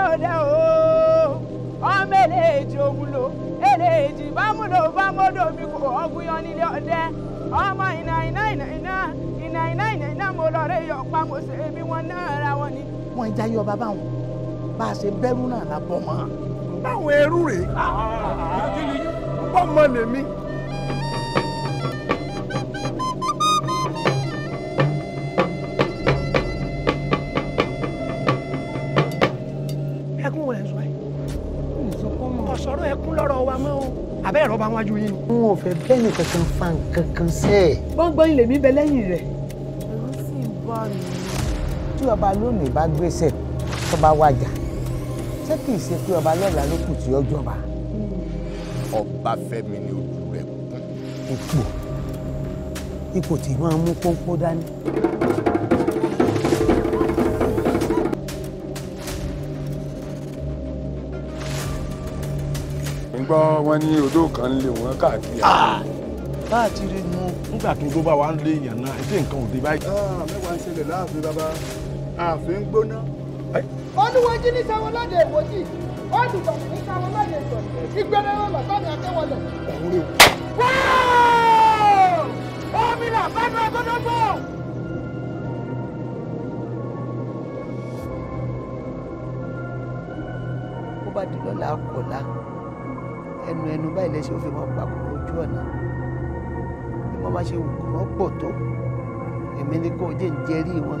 òde o ọmọ eléèjì òun lò eléèjì bámúlò bámúdò mi kò ọgbìyàn nílé ọdẹ ọmọ ìnà ìnà ìnà ìnà ìnà ìnà ìnà ìnà mo lọ rẹ yọ pa mo ṣe bí wọn náà ra wọn ni. wọn ń jayé ọba báwọn bá a ṣe bẹ̀rù náà la bọ mọ. báwọn ẹrú rèé bọ́mọ lèmi. bẹ́ẹ̀ rọ́bà wájú yín. n ò fẹ́ bẹ́ẹ̀ ni kankan fa nǹkan kan sẹ́ ẹ̀. gbọ́ngbọ́n ilé mi bẹ lẹ́yìn rẹ̀. ẹ̀rọ sì ń bọ̀ mí. tí ọba lónìí bá gbèsè tó bá wájà ṣé kì í ṣe pé ọba lọ́la ló kù tí ó jọba. Ọbáfẹ́mi ni ojú rẹ̀ kún. ipò ipò tí wọ́n mú pọ́npọ́n dání. gbọ́ wọn ní odó kan lé wọn káàkiri. Ah! káàkiri nu nígbà tó dó bá wa ń lé èèyàn náà ẹ dé nǹkan òde báyìí. Ah, mẹ́wàá ń ṣẹlẹ̀ láàfin bàbá ààfin ń gbóná. olúwojú ní sáwọn ládé ìwòjì olùbàdàn ní sáwọn ládé ìtọ̀ ìgbẹ́rẹ́ ọ̀là sáni akẹ́wọlẹ̀. omi là bá tó agbọ́dọ̀ gbọ́. bó bá di lọ́la kọ̀ọ̀la ẹnu ẹnu báyìí lẹ́sẹ̀ ó fi máa pa kòkòrò ojú ọ̀nà bí wọ́n bá ṣe wù kó wọ́n pọ̀ tó èmi ni kò jẹ́ ń jẹ́rìí wọn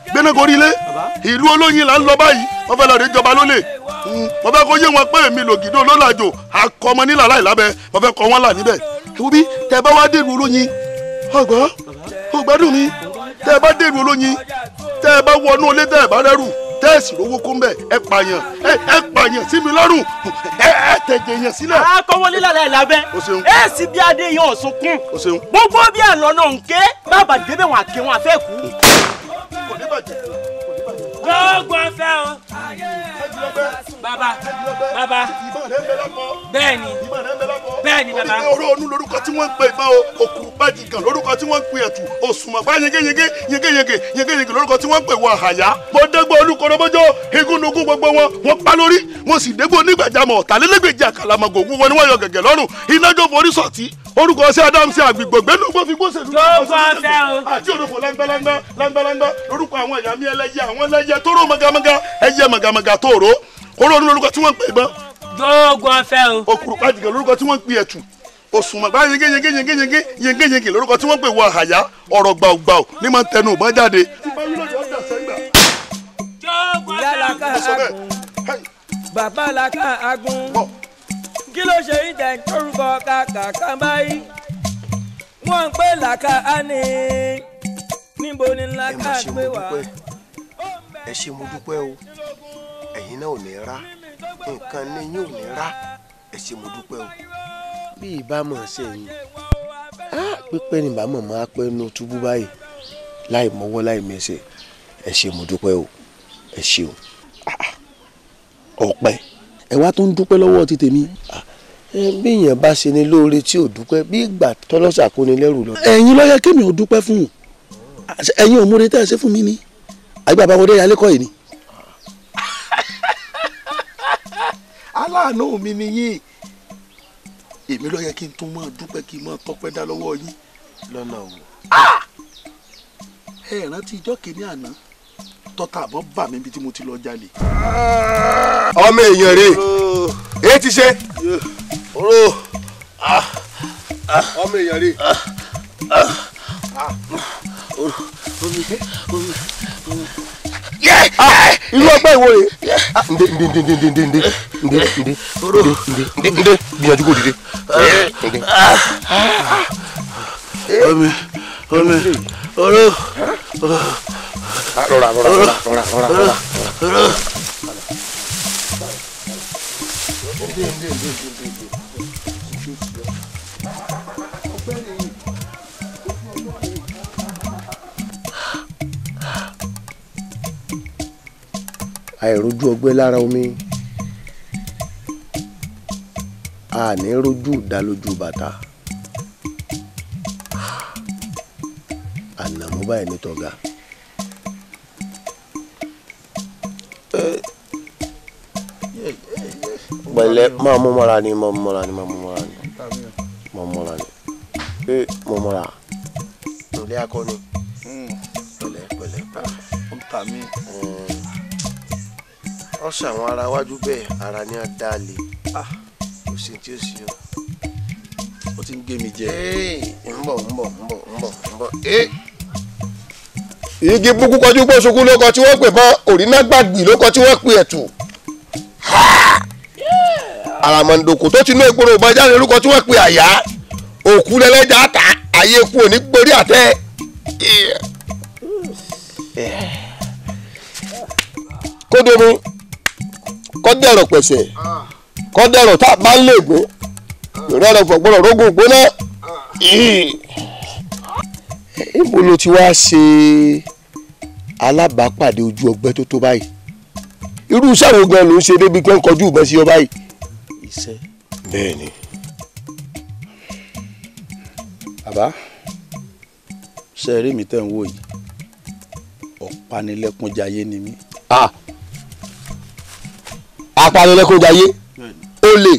gbéná gorí ilé ìlú olóyin là ń lọ báyìí wọ́n fẹ́ lọ rí ìjọba lólè hmm. wọ́n fẹ́ kó yé wọn pé èmi lògìdó lọ́làjò akọmọ nílà láì lábẹ́ wọ́n fẹ́ kọ́ wọn là níbẹ̀ ṣùgbọ́n tẹ bá wá dé ìlú olóyin ọgbọ́n ọgbádùn mi tẹ bá dé olóyin tẹ bá wọnú ilé tẹ bá rẹ́rù tẹ́ẹ̀sì lówó kó ń bẹ̀ ẹ pààyàn ẹ pààyàn sí mi lọ́rùn ẹ tẹ̀jẹ̀ yẹn sílẹ̀. akọwọlé lálẹ́ lábẹ́ ẹ sì bí adé yẹn ọ̀sùn kún gbogbo bí àlọ́ náà ń ké bàbá débẹ̀ wọn àkẹ́wọn àfẹ́ gbogbo ọfẹ o. baba baba bẹ́ẹ̀ni bẹ́ẹ̀ni baba. oníkẹ́ oró onú lórúkọ tí wọ́n ń pè bá òkú bájì gan lórúkọ tí wọ́n ń pè ẹ̀tù òsùnmọ̀pá yegeyege yegeyege yegeyege lórúkọ tí wọ́n ń pè wọ àyà. mo dégbò olúkọ̀rọ̀bọ́jọ́ igúnnugún gbogbo wọn wọ́n pa lórí mo sì dégbò onígbàjámọ̀ ọ̀tàlélẹ́gbẹ̀jì àkàlàmọ̀gò wọn ni wọ́n yọ gẹ̀gẹ̀ lọ́rùn iná jó forí sọ̀tì orúkọ sí adam sí àgbègbè gbẹnu gbọ fi gbọsẹlú àti òdòfò lẹ́ńbẹ́lẹ́ńbẹ́ lẹ́ńbẹ́lẹ́ńbẹ́ orúkọ àwọn ẹ̀yà mi ẹlẹ́yẹ àwọn ẹlẹ́yẹ tóró magamaga ẹyẹ magamaga tóòró oró ní orúkọ tí wọ́n ń pè ìbọn. gbọ́ngàn fẹ́ o. okùrù pàjùkẹ lórúkọ tí wọ́n ń pè ẹ̀tù bá yege yege yege yege yege yege lórúkọ tí wọ́n pè wọ àhàyà ọ̀rọ̀ kí ló ṣe yín tẹ̀ ń torúkọ kàkàkà báyìí wọ́n ń làkà á ní níbo ni làkà gbé wá. ẹ ṣe mo dúpẹ́ o ẹ̀yin náà ò ní rá nǹkan ní yín ò ní rá ẹ ṣe mo dúpẹ́ o. bí ìbámu ṣe yín pípẹ́ ni bàmọ̀ máa pẹ́ nu túbú báyìí láì mọ́wọ́ láì mẹsẹ̀ ẹ ṣe mo dúpẹ́ o ẹ ṣeun ah, ah. ọpẹ́. Ah, ẹ wá tó ń dúpẹ́ lọ́wọ́ ti tèmi. bí èèyàn bá ṣe ni lóore tí ò dúpẹ́ bí ìgbà tọ́lọ́sà kó ni lẹ́rù lọ. ẹ̀yin ló yẹ kémi ò dúpẹ́ fún un ẹ̀yin ò múre tẹ́ ẹ ṣe fún mi ni àgbà àbáwọlé yálé kọ́ yìí ni. aláàánú mi ni yín èmi ló yẹ kí n tún máa dúpẹ́ kí n máa tọ́pẹ́ dá lọ́wọ́ yín lọ́nà o. ẹ rántí ìjọ́ kìíní àná tọ́ta àbọ̀ bà mí ibi tí mo ti lọ jalè. ọmọ èèyàn rè é ti ṣe. oró ah. ọmọ èèyàn rè. Ah. Ah. inú ọgbẹ́ ìwọ rè. ǹde ǹde ǹde ǹde ǹde ǹde ǹde ǹde ǹde ǹde gbìyànjú kò dìde. ọmọ omi oró. Ah, rọra rọra rọra rọra rọra rọra. àìrójú ọgbẹ́ lára omi a ní rójú ìdálójú bàtà. báyìí ní tọ̀gá. pẹ̀lẹ́ máa mú mọ́ra ni máa mọ́ra ni máa mọ́ra ni máa mọ́ra ni pé mo mọ́ra nílé akọni pẹ̀lẹ́ pẹ̀lẹ́ pẹ̀lẹ́ ọ̀sẹ̀ àwọn ará wájú bẹ́ẹ̀ ara ní adáàlè ah. kò sí tí ó sì yọ. ó ti ń gé mi jẹ. ń bọ̀ ń bọ̀ ń bọ̀ ń bọ̀ ń bọ̀ igi búkú kọjú gbóṣùkú ló tí wọ́n pè mọ́ òrínágbàgbì ló tí wọ́n pè ẹ̀tù àràmọ̀ǹdòkò tó ti ní egboro ìbọnjáde ló kọ tí wọ́n pè àyà òkú lẹ́lẹ́jà àtà ayé eku òní gborí àtẹ. kódé mi kọ́dẹ̀rọ̀ pẹ̀sẹ̀ kọ́dẹ̀rọ̀ tá a bá ń lè gbé ìrọ̀rọ̀ fọ̀gbọ́rọ̀ rógùn gbóná níbo ló ti wá ṣe alábàápàdé ojú ọgbẹ́ tó tó báyìí irú iṣẹ́ gan ló ń ṣe débi pé ń kọjú ìbọn sí ọ báyìí. iṣẹ́. bẹ́ẹ̀ bàbá ṣe eré mi tẹ́ ń wò yìí ọ̀pánilẹ́kúnjayé ni mí. apanilẹ́kúnjayé olè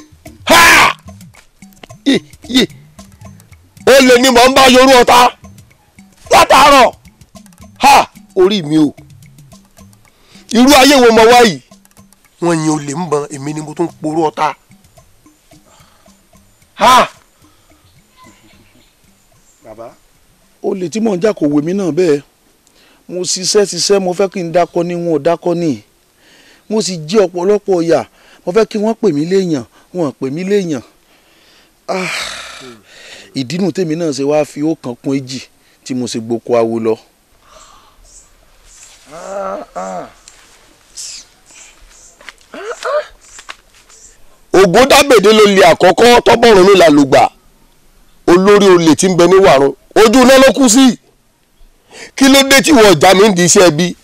olè ni mò ń bá yorùbá ta látàárọ̀ ha orí mi o irú ayé wo mo wá yìí wọ́n yin olè ń ban èmi ni mo tún poró ọ̀tá ha. bàbá olè tí mò ń jà kò wé mi náà bẹ́ẹ̀ mo ṣiṣẹ́ ṣiṣẹ́ mo fẹ́ kí n dákọ́ ní wọn ò dákọ́ ní mo sì jẹ ọ̀pọ̀lọpọ̀ ọ̀yà mo fẹ́ kí wọ́n pè mí léèyàn wọn pè mí léèyàn ah! ìdínú tèmi náà ṣe wá fi ó kan kún èjì tí mo ṣe gboko awo lọ. ògúndábèdé ló lè àkọ́kọ́ tọ́bọ̀rún mi làlùgbà olórí olè tí ń bẹ ní wàrún ojú iná ló kú sí kí ló dé tí wọ́n ọ̀já mi ń di iṣẹ́ bí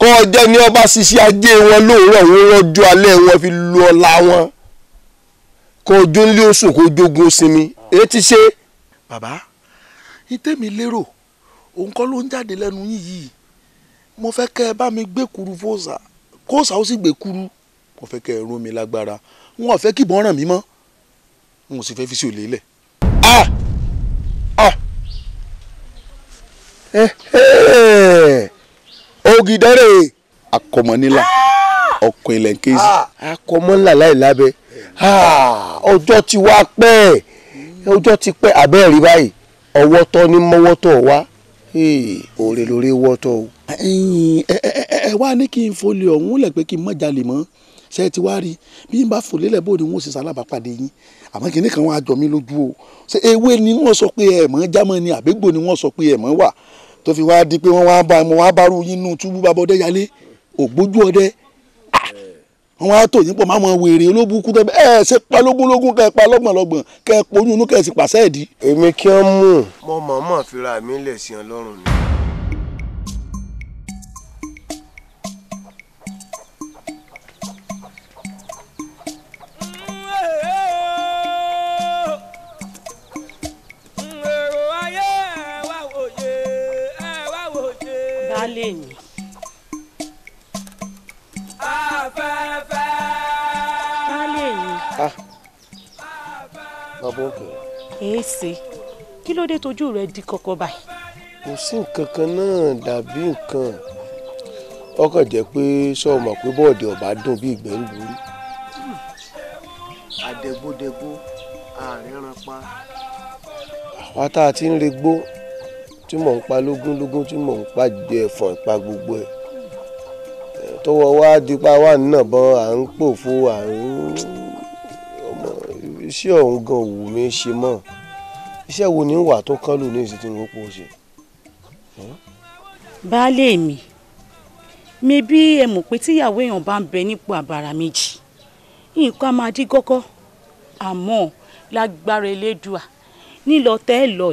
kọ́ ọjọ́ ní ọba ṣiṣẹ́ ajé wọn lóòrọ̀ wọn rọ́jọ́ alẹ́ wọn fi lu ọlá wọn kọ́ ọjọ́ ńlẹ́ oṣù kó jogun sinmi èyí ti ṣe. bàbá ìtẹ́mi lérò òun kọ́ ló ń jáde lẹ́nu yín yìí mo fẹ́ kẹ́ ẹ bá mi gbé kuru fóòsà kóòsà ó sì gbé kuru mo fẹ́ kẹ́ ẹ rún mi lágbára n ò fẹ́ kí ìbọn ràn mí mọ́ n ò sì fẹ́ fi sí òlé lẹ̀. Ah! Ah! Eh, eh! ògìdọ́rẹ̀ akọmọnìlà ah! ọkọ ilẹ̀ ń kéésì. akọmọnìlà láì lábẹ́ ọjọ́ ti wá pẹ́ ọjọ́ ti pẹ́ abẹ́rẹ́ báyìí ọwọ́ tọ́ ní mọ́wọ́ tọ́ wá òòrè lórí wọ́ tọ́ o. ẹ wá ní kí n folè ọ̀hún lẹ̀ pé kí n má jalè mọ́ ṣe ti wá rí bí n bá folè lẹ̀ bóde wọn ò sì yín àmọ́ kìnìún kan wá jọ mí lójú o ṣe ewé ni wọ́n sọ pé ẹ̀mọ́ jámọ́ ni àbẹ́gbò ni wọ́n sọ pé ẹ̀mọ́ wà tó fi wá di pé wọ́n wá bá wọn wá bá rú yín nù túbú bá bọ́dẹ́ yálé ògbójú ọdẹ́ wọn wá tò yín pọ̀ máa wèrè olóbùkú tẹ́ ẹ ṣe pa lógúnlógún kẹ́ pa lọ́gbọ̀nlọ́gbọ̀n kẹ́ ẹ poyún inú kẹ́ sì pàṣẹ ẹ̀dí. èmi kí wọ́n mú mo mọ̀ọ́mọ̀ fira mi lè ṣe ọlọ́run ni. baálé yìí abọ́kùn. èèṣe kí ló dé tójú rẹ di kọ́kọ́ báyìí. kò sí nǹkan kan náà dàbí nǹkan ọkàn jẹ́ pé sọmọ pé bọọdẹ ọba dùn bí ìgbẹ́ ń lórí. àdẹ̀gbòdẹ̀gbò ààrẹ ran pa. àwa tá a ti ń regbó tí mò ń pa lógún lógún tí mò ń pa jẹ ẹ̀fọn ìpa gbogbo ẹ̀ tọwọ́ wa dípa wa náà bọ́n à ń pòfo à ń iṣẹ́ ọ̀hún gan wù mí ṣe mọ́ iṣẹ́ wo ni wà tó kán lù ní ìsìn tí mo pò ṣe. baálé mi mi bí ẹ mọ̀ pé tíyàwó èèyàn bá ń bẹ nípò àbàrà méjì nǹkan máa dí gọ́gọ́ àmọ́ lágbára elédùà nílọ tẹ́ lọ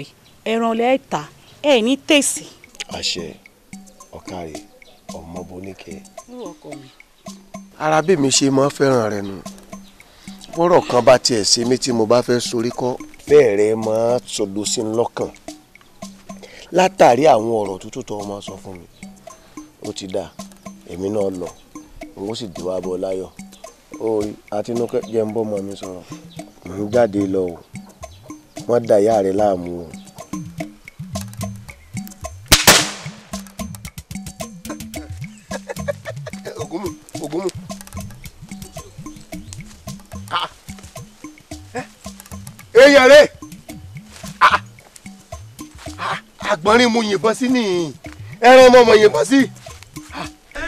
ẹran lẹ́ẹ̀ta ẹ ní tèsì. àṣẹ ọ̀kàrẹ̀ ọmọ boníkẹ́. ara bí mi ṣe máa fẹ́ràn rẹ nù. No bọ́rọ̀ kan bá tiẹ̀ ṣe mí tí mo bá fẹ́ sorí kọ́ bẹ́ẹ̀ rẹ máa sọdọ sí lọ́kàn látàrí àwọn ọ̀rọ̀ tútù tó máa sọ fún mi ó ti dà èmi náà lọ n ó sì dé wá bọ́ láyọ̀ orí àtinúkẹ́ jẹ́ ń bọ́ mọ́ mi sọ̀rọ̀ mò ń jáde lọ wọ́n da ìyá rẹ̀ láàmú o. yẹrẹ àgbọ̀nrín mu yìnbọn sí ni ẹran mọ̀mọ̀ yìnbọn sí.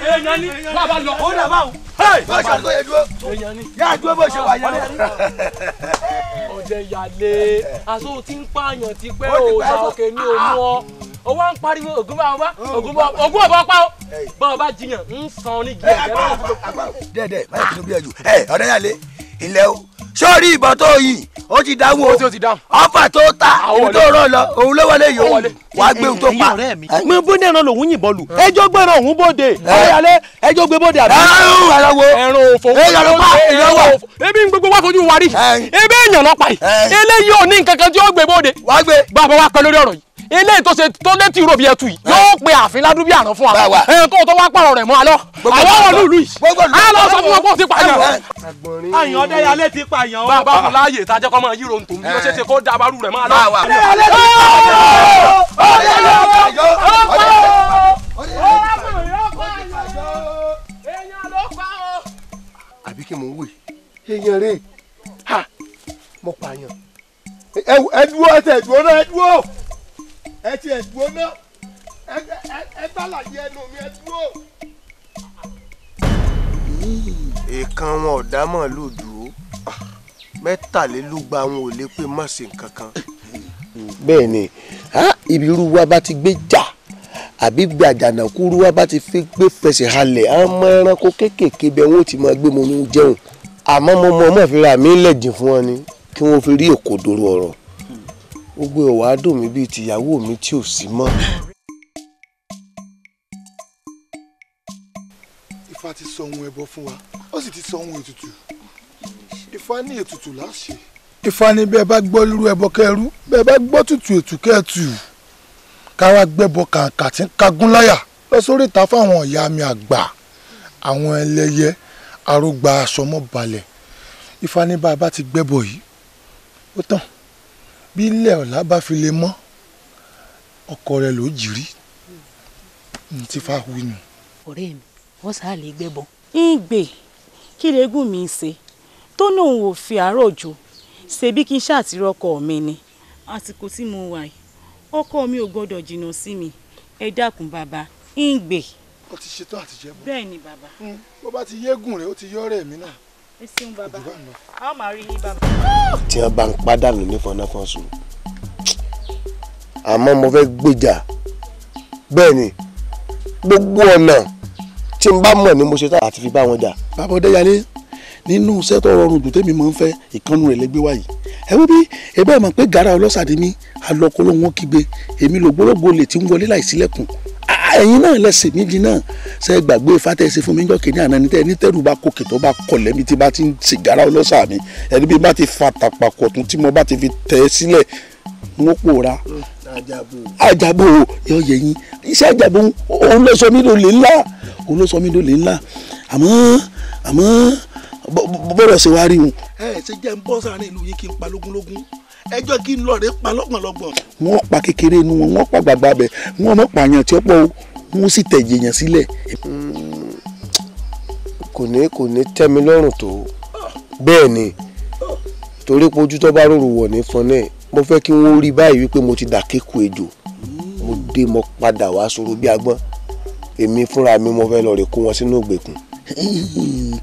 èèyàn ni bàbá lọ ó dàbà o. bó ṣe àtúntò yẹ dúró yá dúró bó ṣe wà yẹn. ọ̀jẹ̀ ìyàlẹ̀ aṣọ tí ń pààyàn ti pẹ́ o ṣàkókè ní òun ọ o wa ń pariwo ogun bá ọba ogun bá ogun ọba pa ọ bá ọba jiyàn ń san onígi ẹ̀jẹ̀ náà. dẹ́ẹ̀dẹ́ẹ̀ báyìí kí ló gbé ẹ jù ẹ ọ̀dẹ́yàlẹ̀ ilẹ̀ o sórí ìbọn tó yìí ó ti dáhùn o ọfà tó ta ah, ibi tó rọ lọ òun ló wọlé yòówù wàá gbé òun tó pa. mo bóde ẹran lòun yìnbọn lù ẹjọ́ gbẹran òun bóde ọyàlẹ ẹjọ́ gbé bóde àbí. ẹran ẹran wo ẹran òfò ẹran pa ẹran ebi ń gbogbo wá fojú wa ebi èèyàn lọ pa yìí eléyìí ò ní nǹkan kan tí ó gbé bóde. wàá gbé. bàbá wa pẹ lórí ọ̀rọ̀ yìí eléyìí tó ṣe tó dé tí europe yẹ tu yìí yóò pe àfin ládùúgbì àrùn fún wa ẹ kó o tó wá pààrọ̀ rẹ̀ mọ́ alọ́ àwọn ọ̀rọ̀ lùlù yìí á lọ sọ fún wọn kó o ti pààyàn. àyàn ọdẹyàlẹ ti pààyàn o. bàbá mi láàyè tá a jẹ́ kọ́ máa yíro ntòun bí ó ṣe ṣe kó dabaru rẹ̀ máa lọ. ọdẹyàlẹ ti pààyàn. àbí kí mo wè èèyàn rè é mo pààyàn ẹ dúró ẹ tẹ ẹ dúró náà ẹ dúró ẹ ti ẹ̀ dúró náà ẹ gbàlàyé ẹnu mi ẹ dúró. èèkan wọn ò dá màálùú dúró mẹ́tàlélúgba wọn ò lè pé má ṣe nǹkan kan. bẹ́ẹ̀ ni ibi irú wa bá ti gbé jà àbí gbàjànà kúrú wa bá ti fi gbé fẹsẹ̀ halẹ̀ àwọn ọmọ ẹranko kéékèèké bẹ́ẹ̀ wọ́n ti máa gbé mọ́nú jẹun àmọ́ mo mọ̀ ọ́ mọ̀ fi ra mi lẹ̀dín fún wọn ni kí wọ́n fi rí òkòdoro ọ̀rọ̀ gbogbo ẹ̀ wàá dùn mí bíi tìyàwó mi tí ò sí mọ́. Ifá ti sọ ohun ẹbọ fún wa ó sì ti sọ ohun ètùtù Ifá ní ètùtù láṣẹ. Ifá ní bẹ́ẹ̀ bá gbọ́ lúrú ẹbọ kẹrú bẹ́ẹ̀ bá gbọ́ tutù ètù kẹtù káwá gbẹ́bọ kàǹkà tí ń kagún láyà lọ sórí ìta fáwọn ìyá mi àgbà àwọn ẹlẹ́yẹ arógbá aṣọ mọ́ balẹ̀ Ifá ní bá a bá ti gbẹ́bọ yìí ó tán bí ilẹ̀ ọ̀la bá fi lè mọ́ ọkọ rẹ ló jìrí ní ti fa hu nù. ọ̀rẹ́ mi wọ́n sáà lè gbẹ́bọn. ń gbè kí lẹ́gùn mi ṣe tó náà ò fi àárọ̀ jò ṣebí kí n ṣàtìrọ ọkọ mi ni. àsìkò tí mo wà yìí ọkọ mi ò gbọdọ̀ jìnnà sí mi ẹ dákun bàbá ń gbè. o ti ṣetán àtijẹ́ bọ́. bẹ́ẹ̀ ni bàbá. bó bá ti yégùn rẹ̀ ó ti yọ́ ọ̀rẹ́ mi náà ẹ ṣeun bàbá a ó máa rí yín bàbá. tí wọn bá ń pàdánù ní fọnáfọsù àmọ́ mo fẹ́ gbèjà bẹ́ẹ̀ ni gbogbo ọ̀nà tí n bá mọ̀ ni mo ṣe tá àti fi bá wọn jà. bàbá ọdẹyàlé nínú iṣẹ́ tó rọrùn jù tèmi máa ń fẹ́ ìkànnù rẹ̀ lẹ́gbẹ́ wáyé ẹ wí bí ẹ bá mọ̀ pé gàrà ọlọ́sàdé mi kígbe èmi lògbólógbò lè ti ń wọlé láìsílẹ̀kùn ẹ̀yin náà lẹ́sẹ̀ méjì náà ṣe gbàgbé fatẹ́sí fún mi jọ́kẹ́ ní àná ní tẹ́ni tẹ́rù bá kókè tó bá kọlẹ̀ mi tí bá ti ń sìgárá ọlọ́sà mi ẹni bí bá ti fa tàpapọ̀ tún tí mo bá ti fi tẹ̀ ẹ́ sílẹ̀ n ó pòórá ajabo yọ yẹyin iṣẹ́ ajabo òun ló sọ mí ló lè ńlá òun ló sọ mí ló lè ńlá àmọ́ àmọ́ bọ́dọ̀ ṣe wá rí wọn. ẹ ṣe jẹ́ ń bọ́ sáárín ìlú yìí kí n pa lógúnlógún ẹjọ́ kí n lọ rè pa lọ́gbọ̀nlọ́gbọ̀n. wọ́n pa kékeré inú wọn wọ́n pa gbàgbà bẹ̀ wọ́n mọ̀ pààyàn tí ó pọ̀ wọ́n sì tẹ̀jẹ̀ yàn sílẹ̀. Hmm, kò ní kò ní tẹ́ mi lọ́rùn tó bẹ́ẹ̀ ni torí pé ojú tó bá rò wọ̀ ní fọn náà mo fẹ́ kí wọ́n rí báyìí wípé mo ti dà kéku ejò mo dé mo padà wá sọ̀rọ̀ bí agbọ́n èmi fúnra mi mo fẹ́ lọ rè kó wọn sínú ìgbèkùn.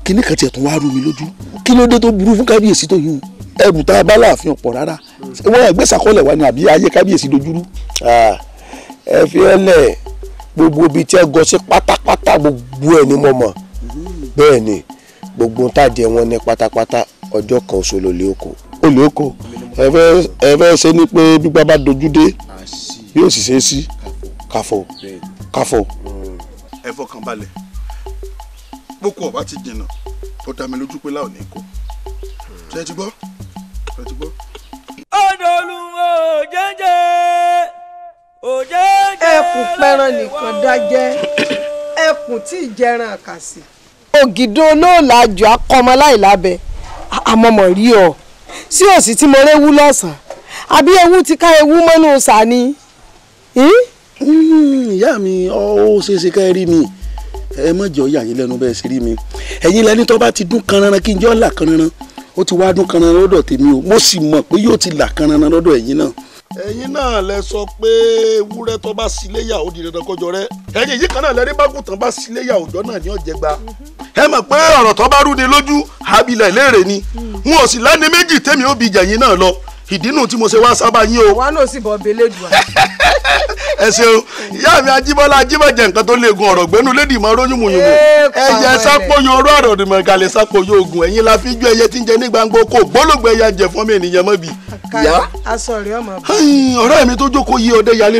kíní kan tiẹ̀ tún wá rú mi lójú kí ló dé tó burú fún kábíyèsí tó yún ẹrù tá a bá láàfin ọ̀pọ̀ rárá wọ́n ẹgbẹ́ sàkọlẹ̀ wa ni àbí ayé kábíyèsí dojúrú. ẹ fi ẹ lẹ gbogbo ibi tí ẹ gọ sí pátápátá gbogbo ẹ ni mo mọ bẹ́ẹ̀ ni gbogbo ń tàjẹ wọn ní pátápátá ọjọ́ kan oṣù lòlẹ oko. olè oko ẹ fẹ́ ṣe ni pé gbígbá bá dojú dé bí ó sì ṣe é sí káfọ káfọ. ẹ fọkàn balẹ̀ boko ọba ti jìnnà ó dá mi lójú pé láò ní kó ṣe ti gbọ́ ṣe ti gbọ́. ọdọọlù òjẹjẹ òjẹjẹ. ẹkùn pẹran nìkan dájẹ ẹkùn tí ìjẹran àkàsì. ògìdó olóòlà àjò akọmọ láìlábẹ àmọmọ rí ọ sí òsì tí mo réwú lọ́sàn-án àbí ewu ti ká ewu mọ́nú sàní. Hmm, ìyá mi ó ṣeéṣe ká ẹ rí mi. Mm? Mm, yeah, ẹ mọ̀jọ yà yín lẹ́nu bẹ́ẹ̀ sí rí mi ẹ̀yin lẹni tó bá ti dún kanran kí n jọ́ là kanran ó ti wá dún kanran lọ́dọ̀ tèmi o mo sì mọ̀ pé yóò ti là kanran lọ́dọ̀ ẹ̀yin náà. ẹ̀yin náà lẹ sọ pé ewúrẹ́ tó bá sílé yà ó di dandan kọjọ rẹ ẹ̀yin yìí kan náà lẹ́rí bákùtàn bá sílé yà òjọ́ náà ní ọ̀jẹ̀ gba ẹ mọ̀ pé ọ̀rọ̀ tó bá rúni lójú àbílẹ̀ léèrè ni n ò sì lẹ́ni méjì tèmi ó bi jẹ̀yìn náà lọ ìdínú tí mo ṣe wá sábà yín o. wọn náà sì bọ belédùá. ẹ ṣeun ìyá mi ajíbọ́lá ajíbọ̀jẹ̀ nǹkan tó léegun ọ̀rọ̀ gbẹ́nu lédi ma róyúnmùyúnmù ẹ̀yẹ sápóyún oró ọ̀rọ̀ dùnmọ̀ ìkàlẹ̀ sápóyún ya jẹ fún mi ènìyàn bi. ìyá mi tó jókòó ọdẹ yalé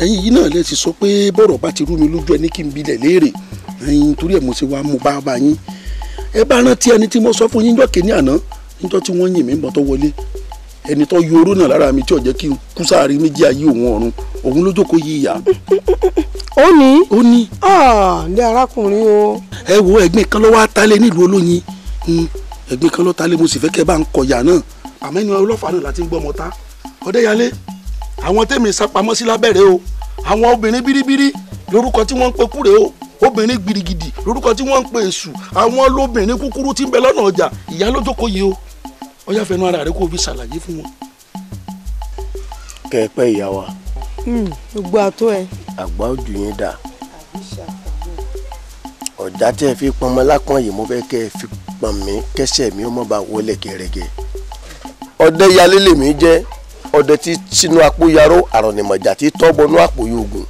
yìí náà lè ti sọ pé bá ti rú mi lójú ẹ ní kí n bilẹ̀ léèrè ẹ̀yin torí ẹ̀ mo ṣe wá mo bá bá yín ẹ bá rántí ẹni tí mo sọ fún yín ẹni tó yọ oró náà lára mi tí ò jẹ́ kí n kú sáàrin méjì ayé òun ọ̀run òun ló jókòó yí ìyá. ó ní. ó ní. ní arákùnrin o. ẹ wo ẹ̀gbìn kan ló wá talé nílùú olóyin hmm, ẹ̀gbìn kan ló talé mo sì fẹ́ kẹ́ bá ń kọjá náà àmọ́ ẹni ọlọ́fà náà láti ń gbọ́ ọmọ ta ọ̀dẹ́yàlé àwọn tèmi sapamọ́ sí lábẹ́rẹ́ o àwọn obìnrin bíríbírí lórúkọ tí wọ́n ń pe kúrè o obìnrin gidigidi lórúkọ tí wọ́n ń pe èṣù àwọn lóbìnrin kúkúrú tí ń bẹ lọ́nà ọjà ìyá yìí o ó yá fẹnu ara rẹ kó o fi ṣàlàyé fún wọn. kẹpẹ ìyá wa. Hmm, gbogbo àtọ ẹ. àgbà ojú yín dà. ọ̀já tí ẹ fi pọnmọ lápọn yìí mo fẹ́ kẹ́ ẹ fi pọn mí kẹ́sẹ̀ mi ó mọ̀ bá wọlé kẹrẹ́gẹ́. ọdẹ yalé lèmi jẹ́ ọdẹ tí sínú apó yaró àrọ̀nìmọ̀jà tí tọ́bọnú àpò yòógùn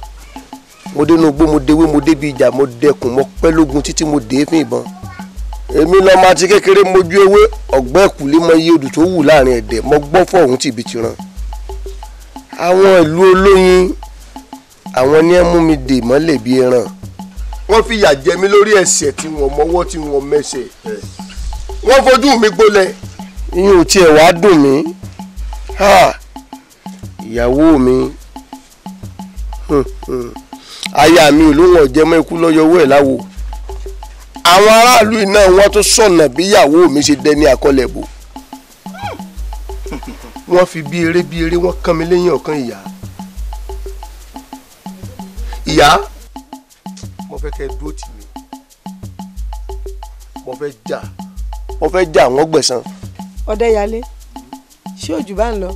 mo dénú gbó mo déwé mo débi ìjà mo dẹkùn mo pẹ́ lógun títí mo dé fún ìbọn èmi lọ́mọ àti kékeré mojú ewé ọ̀gbẹ́ ìkùlé mọ iye odò tó wù láàrin ẹ̀dẹ̀ mọ gbọ́ fọ̀hún tìbí ti ràn àwọn ìlú olóyin àwọn ni ẹ mú mi dè mọ́lẹ̀ bí ẹran wọ́n fi yà jẹ mí lórí ẹ̀ṣẹ̀ tí wọ́n mọ́wọ́ tí wọ́n mẹ́sẹ̀ wọ́n fojú mi gbolẹ̀. iyùn tiẹ̀ wá dùn mí ìyàwó mi aya mi ò lóun ọ̀jẹ̀ mọ́ ikú lọ́yọ̀wọ́ ẹ̀ láwo àwọn aráàlú iná wọn tún sọ̀nà bíyàwó mi ṣe dẹni àkọlẹ̀bò wọ́n fi bí eré bí eré wọ́n kán mi lẹ́yìn ọ̀kan ìyá ìyá mo fẹ́ kẹ́ ẹ dúró tì mí mo fẹ́ jà mo fẹ́ jà wọ́n gbẹ̀san. ọ̀dẹ́yàlé ṣé òjò bá ń lọ.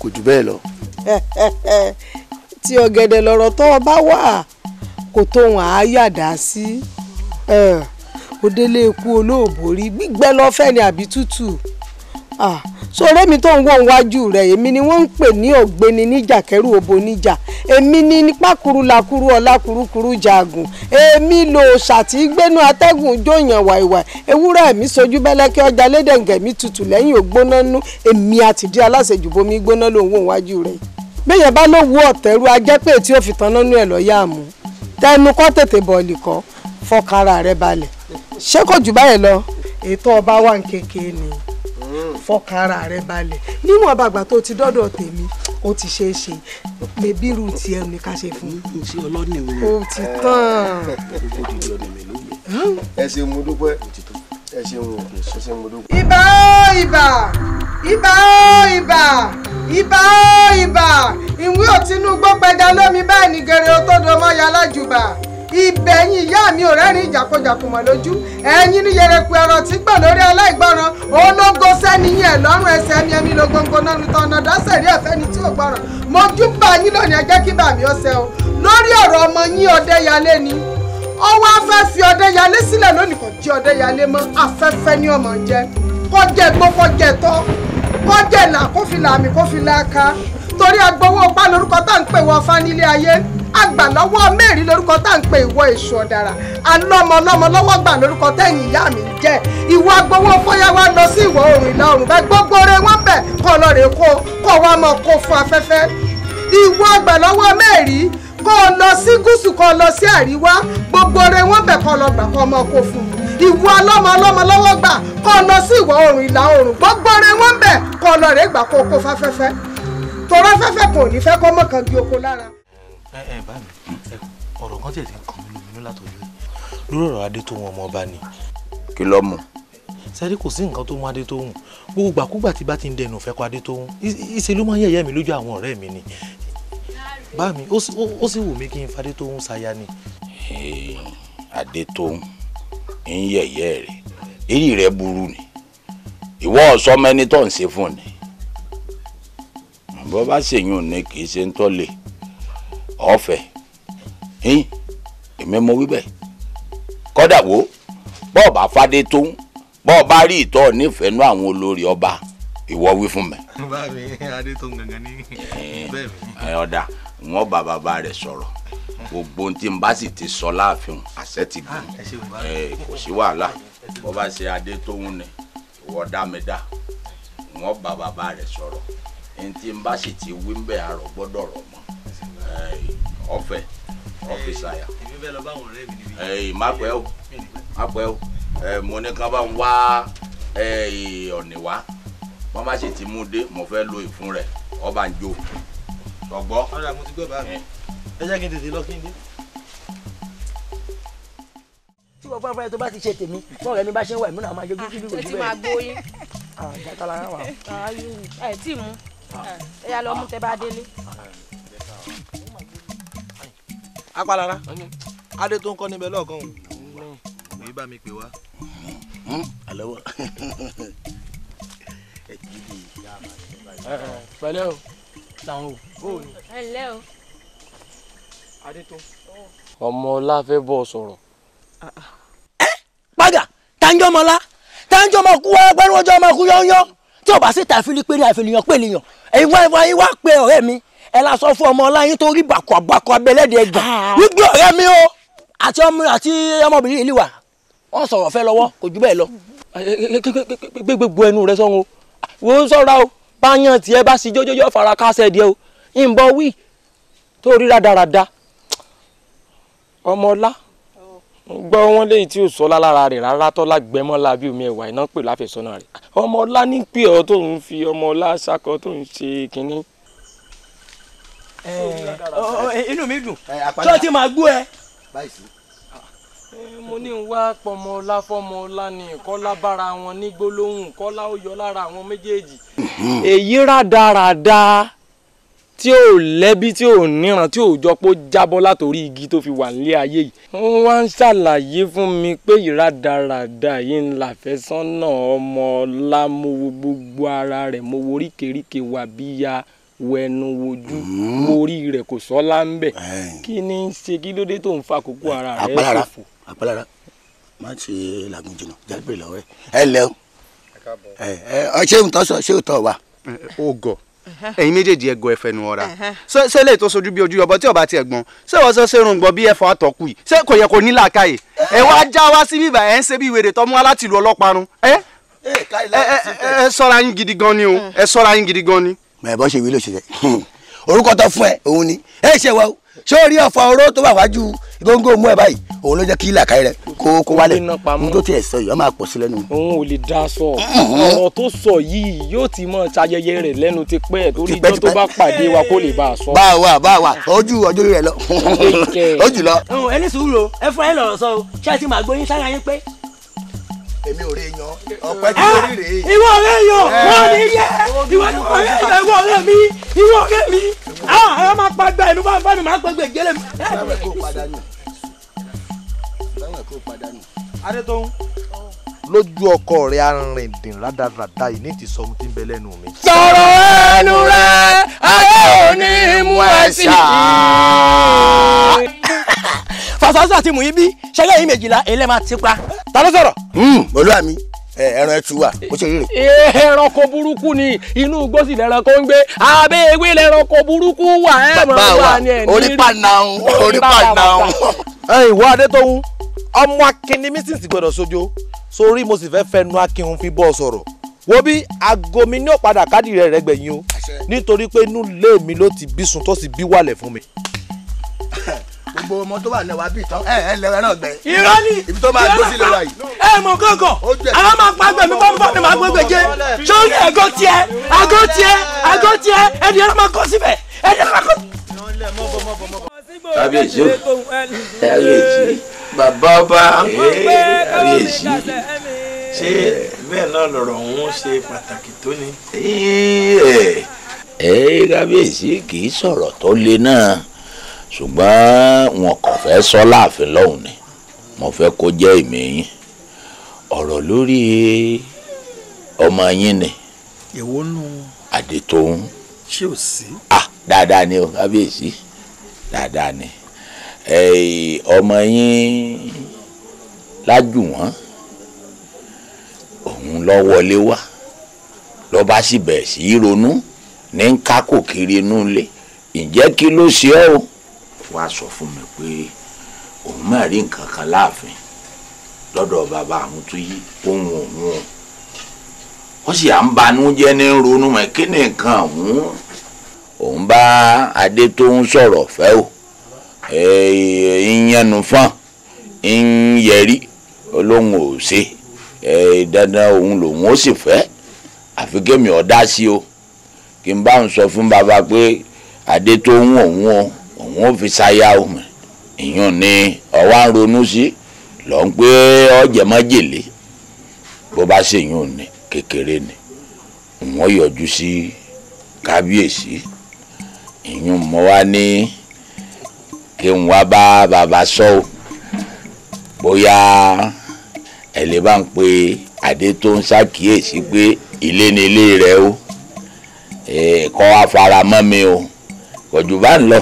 kò jù bẹ́ẹ̀ lọ. tí ọ̀gẹ̀dẹ̀ lọ̀rọ̀ tó o bá wà kò tó wọn àá yàdá sí. Uh ó délé eku olóòbórí gbígbẹ lọ́fẹ́ ni àbí tútù so mi tó ń wọ̀ wájú rẹ̀ èmi ni wọ́n ń pè ní ọ̀gbẹ́ni níjà kẹ́rù òbò níjà èmi ni nípàkúrú làkúrú ọ̀làkúrúkúrú jagun èmi lò ṣàtìgbẹ́nu atẹ́gùn jóyàn wàìwàì ewúrẹ́ mi sojú bẹ́lẹ́kẹ́ ọjà lédèǹgẹ̀ mi tutù lẹ́yìn ògbóná nú èmi àtìdí aláṣejù bomi gbóná ló ń wọ̀ wájú rẹ̀ bẹ́yẹn bá ló wú ọ̀tẹ́rú ajẹ́pẹ́ tí ó fi tanná nú ẹ̀ lọ́yà mú tẹnu kọ́ tètè bọ̀ọ̀lì kọ́ fọkàrà ṣé kò jù báyìí lọ. ètò ọba wà ń kékeré ni hmm. fọkàn ara rẹ balẹ̀ níwọ̀n àgbàgbà tó ti dọ́dọ̀ tèmi ó ti ṣeé ṣe bèbí irú ti ẹnu ká ṣe fún. ṣé ọlọ́ọ̀nì wo. o ti tán. ẹ ṣeun mo dúpẹ́ ẹ ṣeun o ẹ ṣeun mo dúpẹ́. ibà ó ibà ibà ó ibà ibà ó ibà ìwé òtínú gbọ́gbẹ́dá lómi báyìí ní ó tó dọmọ́ yàrá jùbà. Ibe ẹ̀yin ìyá mi ò rẹ́rìn ìjàkọjàkùn mọ̀ lójú ẹ̀yin ní yẹrẹku ẹ̀rọ tí gbà lórí aláìgbọràn ológo sẹ́ni yẹn lọ́rùn ẹsẹ̀ mi ẹ̀mí ló gbọ̀ngàn náà tọ̀nà dásẹ̀rí ẹ̀fẹ́ ni tí ò gbọràn mo júbà yín lónìí ẹ kí bàmí o lórí ọ̀rọ̀ ọmọ yín Ọdẹ́yalé ni ọwọ́ afẹ́ fi Ọdẹ́yalé sílẹ̀ lónìí kò jí Ọdẹ́yalé mọ́ torí agbowó ọpá lórúkọ tá à ń pè wọ ọfá nílé ayé àgbà lọ́wọ́ mẹ́rin lórúkọ tá à ń pè ìwọ èṣù ọ̀dàrà alọ́mọ lọ́mọ lọ́wọ́ gbà lórúkọ tẹ̀yìn ìyá mi jẹ́ ìwọ agbowó fọ́yá wa lọ sí ìwọ oòrùn ìlà oòrùn bẹ́ẹ̀ gbogbo rẹ wọ́n bẹ̀ kọ́ lọ rè kó kọ́ wa mọ̀ kó fún afẹ́fẹ́ ìwọ àgbà lọ́wọ́ mẹ́rin kọ́ lọ sí gúúsù kọ́ lọ sí àríwá gbogbo rẹ wọ́n bẹ̀ kọ́ lọ gbà kọ́ mọ̀ kó fún ìwọ alọ́mọ ọlọ́mọ lọ́wọ́ gbà kọ́ lọ sí ìwọ oòrùn ìlà oòrùn gbogbo rẹ wọ́n bẹ̀ kọ́ lọ rè gbà kó kó fáfẹ́fẹ́ tọrọ fẹ́fẹ́ kan ò ní fẹ́ kọ́ mọ̀ kan di oko lára. ẹ ẹ bá mi ọ̀rọ̀ kan tètè kàn mí lóminú látọjú lórí ọ̀rọ̀ adé tó wọn ọmọ ọba ni. kí ló mú. sẹ́rí kò sí nǹkan tó mú adé tó hùn gbogbo gbàkúgbà tí bá ti ń dẹnu fẹ́ kọ́ adé tó hùn ìṣe ló máa ń yẹ̀yẹ́ mi lójú àwọn ọ̀rẹ́ mi ni. bá mi ó sì wù mí kí n fadé tó hùn ṣaya ni. adé tó hùn ń yẹ̀yẹ́ rẹ̀ èyí rẹ̀ burú ni ìwọ ọ̀sọ́mẹ́ni tó ń ṣe fún ni bó bá ṣèyún ní kì í ṣe ń tọ́lé ọ̀fẹ́ yín èmi mo wí bẹ́ẹ̀ kọ́dà wo bọ́ọ̀ bá fadé tó ń bọ́ọ̀ bá rí ìtọ́ nífẹ̀ẹ́ nú àwọn olórí ọba ìwọ wí fún mi. bá mi adé tó ń gangan ní bẹ́ẹ̀ mi. ọ̀dà wọn bá bàbá rẹ̀ sọ̀rọ̀ gbogbo tí n bá sì ti sọ láàfin àṣẹ ti gùn ah, kò sí wàhálà bó bá ṣe adé tó ń ní ìwọ dá mi dá wọn bá bàbá rẹ̀ sọ̀rọ̀ ntí n bá sì ti wí ń bẹ̀ àrò gbọ́dọ̀ rọ̀ mọ́ ọ̀fẹ́ ọ̀fíìsàyà. èmi bẹ́ẹ̀ lọ má pẹ́ o má pẹ́ o mo ní kán bá ń wá ọ̀nì wá wọ́n bá sì ti mú dé mo fẹ́ lo ìfun rẹ̀ ọba ń jó ọgbọ́. ọ̀rẹ́ àmọ́ ti gbé bá mi ẹ jẹ́ kí n tètè lọ kí n dé. tí wọ́n fẹ́ẹ́ fẹ́ẹ́ tó bá ti ṣe tèmi fún ọ̀rẹ́ mi bá ṣe ń wà mí náà máa jogún ah, kí ló ń bẹ́ẹ̀. tó ti máa gbóyún. àjàkálà ah, wà. ẹ tí mu ẹ yà lọ mú tẹ bá délé. apalara adé tó ń kọ́ níbẹ̀ lọ́ọ̀kan o èyí bá mi pè wá. Hmm? àlọ́wọ́ ẹ ti di pẹ̀lẹ́ o làwọn o. ẹ ǹlẹ́ o. adé tó. ọmọ ọlá fẹ́ bọ̀ sọ̀rọ̀. Ah, ah. padà tanjọ́ ọmọ ọlá tanjọ́ ọmọ kú wá gbẹ́rú ọjọ́ ọmọ kú yọ́nyọ́ tí ò bá sì ta ìfìlí pé ní àìfìlíyàn pé nìyàn ẹ̀yin wá ẹ̀wọ̀n yín wá pé ọ̀rẹ́ mi ẹ̀ la sọ fún ọmọ ọláyín tó rí bàkọ̀ àbàkọ̀ abẹ́lẹ́dẹ̀ ẹ̀gbọ̀n ah. wípé ọ̀rẹ́ mi o àti ọmọ àti ọmọbìnrin yìí wà wọ́n sọ̀rọ̀ fẹ́ lọ́wọ́ kò jù bẹ́ẹ̀ lọ. gbogbo ẹnu rẹ sọ́run o wo sọ́ra o báyàn tiẹ̀ bá sì jójójó fara kásẹ̀ díẹ̀ o ìbọn wí tó rí rádaràda ọmọ ọlá gbọ́ wọn léyìí tí ò sọ lára rẹ̀ rárá tó lágbẹ́mọ́ lábí omi ẹ̀wà iná pè láfẹ̀sọ́nà rẹ̀ ọmọ ọlá ní pè ọ́ tó ń fi ọmọ ọlá ṣakọ tó ń ṣe kínní. inú mi dùn tí wọ́n ti máa gbọ́ ẹ. mo ní wá pọmọ ọlá fọmọ ọlá ni kọ́lá bára wọn ní gbólóhùn kọ́lá ó yọ lára àwọn méjèèjì. èyí rádaràda tí ò lẹ́bí tí ò níran tí ò jọ pé ó jábọ́ látòrí igi tó fi wà nílé ayé yìí. wọ́n wá ń ṣàlàyé fún mi pé ìradàradà yìí ń làfẹ́sọ́nà ọmọ ọlá mo wo gbogbo ara rẹ̀ mo wo oríkèéríkèé wà bíya wẹnu wojú hmm. orí rẹ̀ kò sọ́lá ń kí ni ń ṣe kí lóde tó ń fa kókó ara rẹ̀ fòfò. àpálára má ṣe làgùn jìnnà jáde lọ́wọ́ ẹ ẹ lẹ́wọ̀n ẹ ṣé ń tọ́ sọ ṣé ń tọ́ wa. ó ẹ̀yin méjèèjì ẹgọ ẹfẹ nu ọra ṣé lè tó sojú bí ojú ọbọ tí ọba ti ẹgbọn ṣé wọn sọ ṣe irun gbọn bí ẹfọ àtọkù yìí ṣé kò yẹ kó ní làákàyè ẹ wá já wá sí bíbà ẹ ń ṣe bí wèrè tọmú alátìlú ọlọ́parun ẹ ẹ ṣọ́ra yín gidi gan ni o ẹ ṣọ́ra yín gidi gan ni. mẹ bọ́n ṣe wí ló ṣe tẹ orúkọ tó fún ẹ òun ni ẹ ṣe wa o ṣé o rí ọ̀fà oró tó wà wájú góńgó mú ẹ báyìí òun ló jẹ́ kí làkàyè rẹ kó kó wálẹ̀ mú tó tiẹ̀ sọ yìí ọ máa pọ̀ sí lẹ́nu. òun ò lè dá sọ mm-hmm. ọ̀rọ̀ tó sọ yìí yóò ti mọ ṣayẹyẹ rẹ̀ lẹ́nu ti pẹ́ torí ijọ́ tó bá pàdé wa kó lè bá a sọ. bá a wà bá a wà ojú ọjọ́ rẹ̀ lọ ojú lọ. ẹni sùúrù ẹ fún ẹ lọ̀rọ̀ sọ o ṣé ẹ ti máa gbóyún sára yín pé èmi ò rè yan ah! ọpẹ́ tí ó rí rèé. ìwọ ọ̀rẹ́ yan eh. wọn ní yẹ ìwọ ọ̀rẹ́ yan ìwọ ọ̀rẹ́ mi ìwọ ọ̀rẹ́ mi àwọn máa pa gba ẹnu bá ń bá mi máa pa gbẹ gẹlẹ mi. báwọn kò padànù báwọn kò padànù. adétọ́hún. lójú ọkọ rẹ arìnrìn rádaràda yìí ní ti sọ ohun tí ń bẹ lẹ́nu mi. sọ̀rọ̀ ẹnu rẹ ayé ò ní mú ẹ sí i. Fasasi àti Muyibi ṣẹ́gẹ́ yìí méjìlá èlé máa ti pa. ta ló hmm, olúwa mi ẹran ẹtu wà ó ṣe rírì. Eh, ẹranko burúkú ni inú igbó sì lẹranko ń gbé abẹ́ ewé lẹranko burúkú wà ẹ mọ̀ wà ní ẹni rí. orípa nàún orípa ẹ ìwọ Adétòun ọmọ akínní mísìn sì gbọ́dọ̀ sojo sórí mo sì fẹ́ fẹnu akínhun fi bọ́ sọ̀rọ̀ wo bí aago mi ní òpadà kádìrẹ rẹ gbẹ̀yìn o nítorí pé inú ilé mi ló ti bísun tó sì bí wàlẹ̀ fún mi. gbogbo ọmọ tó wà ní wa bíi tán ẹ ẹ lẹwẹ náà gbẹ. irọ́ ni ibi tó máa ẹ mọ gángan àwọn máa pa gbẹmí bọ́mùbọ́mù máa gbẹgbẹ jẹ sórí ẹ̀gọ́ tiẹ̀ àgọ́ tiẹ̀ àgọ́ tiẹ̀ ẹni ẹ̀rọ máa kọ́ síbẹ̀ ẹni ẹ̀rọ máa kọ́. kábíyèsí o kábíyèsí bàbá ọba kábíyèsí ṣé bẹ́ẹ̀ náà lọ̀rọ̀ òun ṣe pàtàkì tó ni. ẹ kábíyèsí kì í sọ̀rọ̀ tó le náà ṣùgbọ́n wọn kàn fẹ́ sọ láàfin lọ́hùn ni mo fẹ́ kó jẹ́ ìmí yín ọ̀rọ̀ lórí ọmọ yín ni. èwo nù. Àdètòun. ṣé o ah dáadáa ni o kábíyèsí dáadáa ni ọmọ yín lájú wọn òun lọ wọlé wá lọ bá sì bẹ̀ sí í ronú ní kákò kiri inú ilé ǹjẹ́ kí ló ṣe ọ́ o wá sọ fún mi pé òun má rí nǹkan kan láàfin lọ́dọ̀ bàbá àwọn tó yí ohun òun o wọ́n sì à ń banú jẹ́ ní ronú mọ́ kí ni nǹkan òun òun bá adé tó ń sọ̀rọ̀ fẹ́ o ìyẹnu fún ń yẹrí olóhùn ò ṣe dandan òun lòun ó sì fẹ́ àfi kémi ọ̀ sí o kí n bá ń sọ fún bàbá pé adé tó ń òun o wọn fi ṣayá omi ìyún ni ọwọ́ ń ronú sí lọ ń pé ọ̀jẹ̀ májèlé bó bá ṣèyún ni kékeré ni wọn yọjú sí kábíyèsí ìyún mọ́ wá ní kí n wá bá bàbá sọ ọ́ bóyá ẹ lè bá ń pe adé tó ń ṣàkíyèsí pé ilé ni ilé rẹ o kọ́ afárámọ́ mi o kò bá ń lọ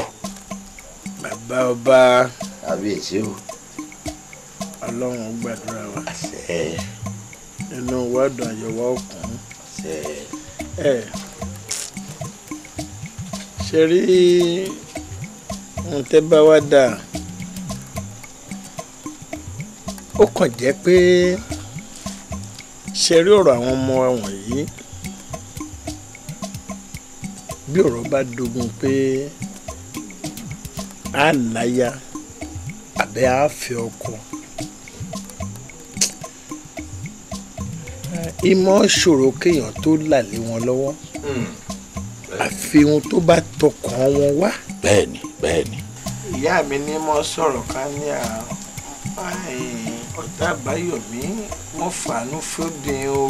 bàbá ọba àbíyèsí o ọlọ́run gbàdúrà wa nínú wádùn àyẹ̀wò ọkùnrin ẹ ṣe rí ohun tẹ́ bá wá dà ó kàn jẹ́ pé ṣe rí ọ̀rọ̀ àwọn ọmọ wọ̀nyí bí ọ̀rọ̀ bá dogun pé anaya abẹ́ àfẹ́ ọkọ ìmọ̀ ṣòro kéèyàn tó là lé wọn lọ́wọ́ hmm. àfi ohun tó bá tọkàn wọn wá. bẹ́ẹ̀ni bẹ́ẹ̀ni. ìyá mi ní mo sọ̀rọ̀ ká ní ọ̀tá àbáyọ̀mí mo fàánú fóbìnrin o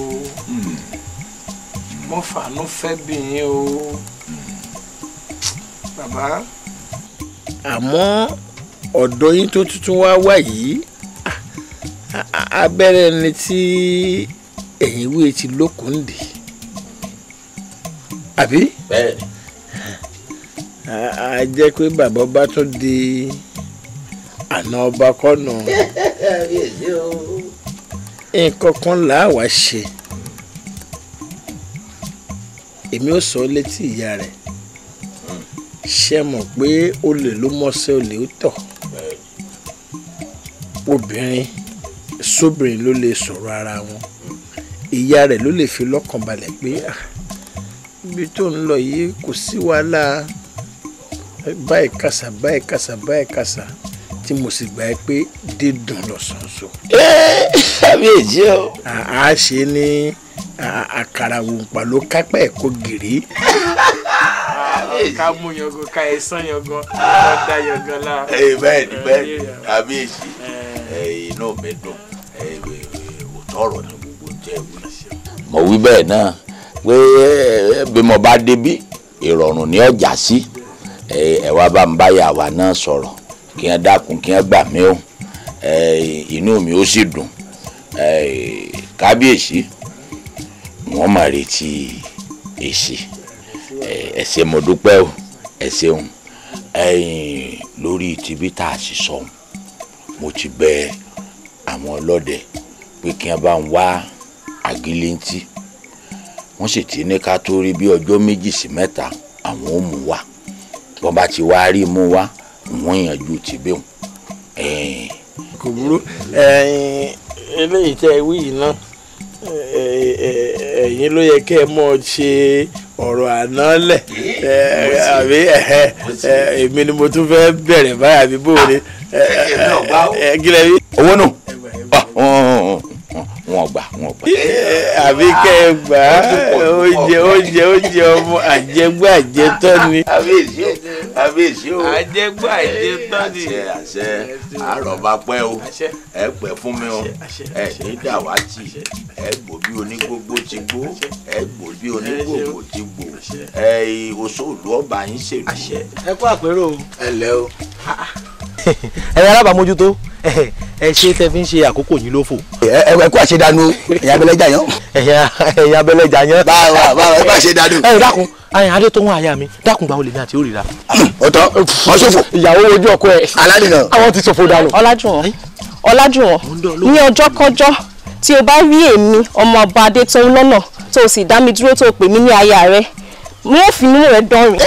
hmm. mo fàánú fẹ́bìnrin o hmm. bàbá. Mm àmọ́ ọ̀dọ́ yín tó tuntun wá wà yìí abẹ́rẹ́ ni tí ẹ̀yìn wíwé ti lókun dì àbí. bẹ́ẹ̀ni. a jẹ́ pé bàbá bá tún di àná ọba kọ́nà nǹkan kan làá wá ṣe èmi ò sọ létí ìyá rẹ̀ ṣe mọ̀ pé olè ló mọṣẹ́ olè ó tọ̀ obìnrin sóbìnrin ló lè sọ̀rọ̀ ara wọn ìyá rẹ̀ ló lè fi lọ́kàn balẹ̀ pé ah, ibi tó ń lọ yìí kò sí wàhálà báyìí kàsà báyìí kàsà báyìí kàsà tí mo sì gbà ẹ pé dídùn lọ́sọ̀ọ̀sọ̀. kábíyèsí o. a ṣe ní àkàrà òǹpà ló kápẹ́ ẹ̀kọ́ gírí ká mú yangan ká ẹ̀sán yangan ah. ká dá yangan lá. bẹ́ẹ̀ ni bẹ́ẹ̀ ni kábíyèsí eh, eh. eh, inú mi dùn òótọ́ ọ̀rọ̀ ni gbogbo jẹ́ ìwé. mo wí bẹ́ẹ̀ náà pé bí mo bá débí ìrọ̀rùn ni ọjà sí ẹ wá bá ń báyà wa náà sọ̀rọ̀ kí wọ́n dákun kí wọ́n gbà mí o inú mi ó sì dùn kábíyèsí wọ́n máa retí èsì ẹ ṣé mo dúpẹ́ o ẹ ṣeun ẹ̀yin lórí tibí tá a sì sọ mo ti bẹ àwọn ọlọ́dẹ pé kí wọ́n bá ń wá àgíléntí wọ́n sì ti ní ká tó rí bí ọjọ́ méjì sí mẹ́ta àwọn ò mú wa wọ́n bá ti wá rí mú wa wọ́n yànjú tìbẹ́ òun. kò burú eléyìí tẹ wí náà ẹ̀yin ló yẹ kẹ́ ẹ ṣe ọ̀rọ̀ àná lẹ̀ àbí èmi ni mo tún fẹ́ bẹ̀rẹ̀ báyà àbí bóore. owó náà wọn gbà wọn gbà. àbí kẹ́ ẹ gbà á oúnjẹ oúnjẹ oúnjẹ ọmọ àjẹgbẹ́ àjẹtọ́ ni. àbí èsì àbí èsì o. àjẹgbẹ́ àjẹtọ́ ni. àṣẹ àṣẹ àárọ̀ bá pẹ́ o ẹ pẹ́ fún mi o ẹ ní dàwátì ẹ gbò bí onígbógbó ti gbó ẹ gbò bí onígbògbò ti gbò ẹ oṣooṣù ọba yín ṣèlú. ẹ kó àpérò. ẹ lẹ o ẹ̀yin alábàámójútó ẹ ṣe tẹ fi ń ṣe àkókò yín lófò. ẹ ẹ kú àṣedànù ẹ̀yin abẹ́lẹ́jà yan. ẹ̀yin abẹ́lẹ́jà yan. báwa báwa ẹ bá ṣe dànù. ẹ dákun ayin adé tó ń wá aya mi dákun gbàwọlé mi àti òrìra. ọ̀tọ̀ wọ́n ṣòfò. ìyàwó ojú ọkọ ẹ̀. aládìnà. àwọn ti ṣòfò dànù. ọlájúwọ̀n ọlájúwọ̀n ní ọjọ́ kọjọ́ tí o bá rí èmi ọmọ ọba adé tó ń lọ́nà tó o sì dá mi dúró tó o pè mí ní aya rẹ wọn fi inú rẹ dán mi.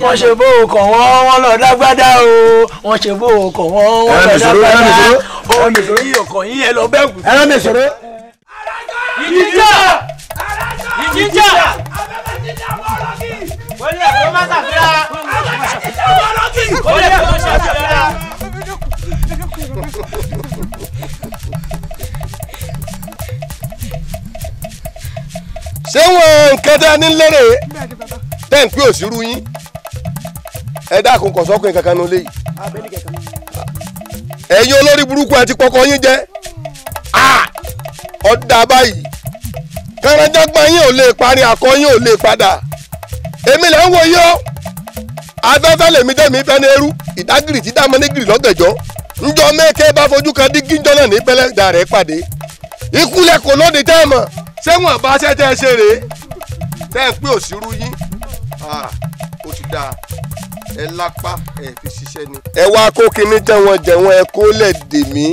wọn ṣe bó o kàn wọn wọn lọ dágbádá o wọn ṣe bó o kàn wọn wọn lọ dágbádá o yìí ọkàn yìí ẹ lọ bẹ́ẹ̀ kù. ẹ lọ́mọ ìṣòro. ìjíjà ìjíjà wọlé kó má ṣàfihàn wọlé kó má ṣàfihàn. ṣé wọn nǹkan tẹ ní lérè tẹ́ ń pé òsirú yín ẹ dákun kọ̀ sọ́kùnrin kankan nu léyìí Karanjagba olórí burúkú àti kọ́kọ́ yín báyìí kẹrẹjọgbọn yín ò lè parí akọ yín ò lè padà èmi lẹ́ ń wo yín ọ́ afẹ́fẹ́ lèmi fẹ́ ní eru ìdágìrì ṣé wọn bá ṣe tẹ ṣe rèé tẹ ẹ pé òṣìrú yín ó ti dáa ẹ lápá ẹ fi ṣiṣẹ́ ni. ẹ wá kó kinní jẹun jẹun ẹ kó lè dè mí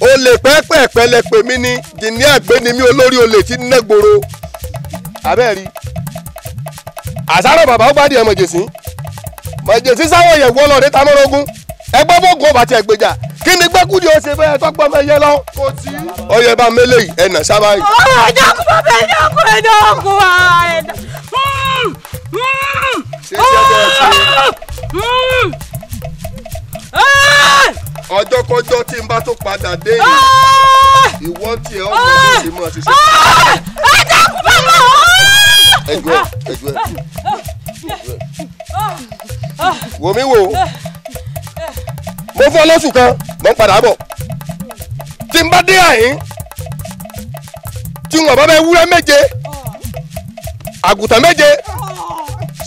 ó lè pẹ́pẹ́pẹ́ lẹ pè mí ní jìnnì àgbẹ̀ ni mí olórí olè tí nẹ́gboro abẹ́rí àsáró bàbá ó gbádìí ẹ mọ̀jẹ̀sí mọ̀jẹ̀sí sáwọ̀ yẹ̀ wọ́ lọ́ọ̀dẹ́ tamọ́rọ́gún ẹgbẹ́ bó gun ọ̀bàtì ẹ̀gbẹ́jà kí ni gbẹ́kúdì ó ṣe fẹ́ẹ́ tọ́gbọ́n mẹ́ yẹ lọ. ọyẹ bá mélèyí ẹnà sábà yìí. ọ̀rọ̀ ẹ̀dá kú bá bẹ́ẹ̀ ẹ̀dá kú ẹ̀dá kú wa ẹ̀dá. ọjọ́kọ́jọ́ tí n bá tó padà dé yìí ìwọ tiẹ̀ ọ̀gbọ́n tó ṣe mọ́ ṣiṣẹ́. ẹ̀dá kú bá bá ọ̀. ẹ̀jú ẹ̀ ẹ̀jú ẹ̀ wò mí wò kó fọ́ lọ́sùn kan mọ̀ ń padà bọ̀ tí n bá dé àyín tí wọn bá bẹ wúrẹ́ méje àgùntàn méje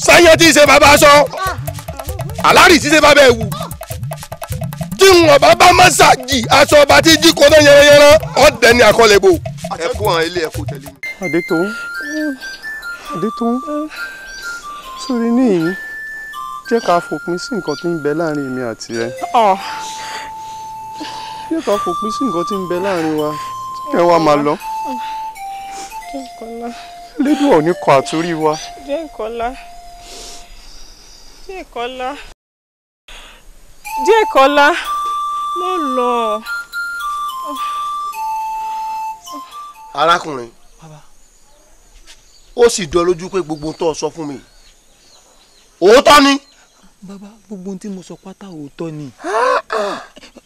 sáyẹn tí ṣe bàbá aṣọ àlárì tí bàbá ẹ̀wù tí wọn bá bá mọ́sáàgì aṣọ ọba tí jí kọ́ yẹrẹyẹrẹ ọ̀dẹ ni àkọlẹ̀bò. ẹ kú àwọn ilé ẹ̀kọ́ tẹ̀lé mi. Adétòun sórí níyì jẹ́ ká fòpin sí nǹkan tí ń bẹ láàrin èmi àti ẹ. jẹ́ ká fòpin sí nǹkan tí ń bẹ láàrin wa tí ẹ wá máa lọ. lédùn ò ní kọ àtúrí wa. Jẹ́kọ̀ọ́lá Jẹ́kọ̀ọ́lá Jẹ́kọ̀ọ́lá mo lọ. arákùnrin ó sì dán lójú pé gbogbo ohun tó sọ fún mi òótọ́ ni bàbá gbogbo ohun tí mo sọ pátá òótọ́ ni ah, ah.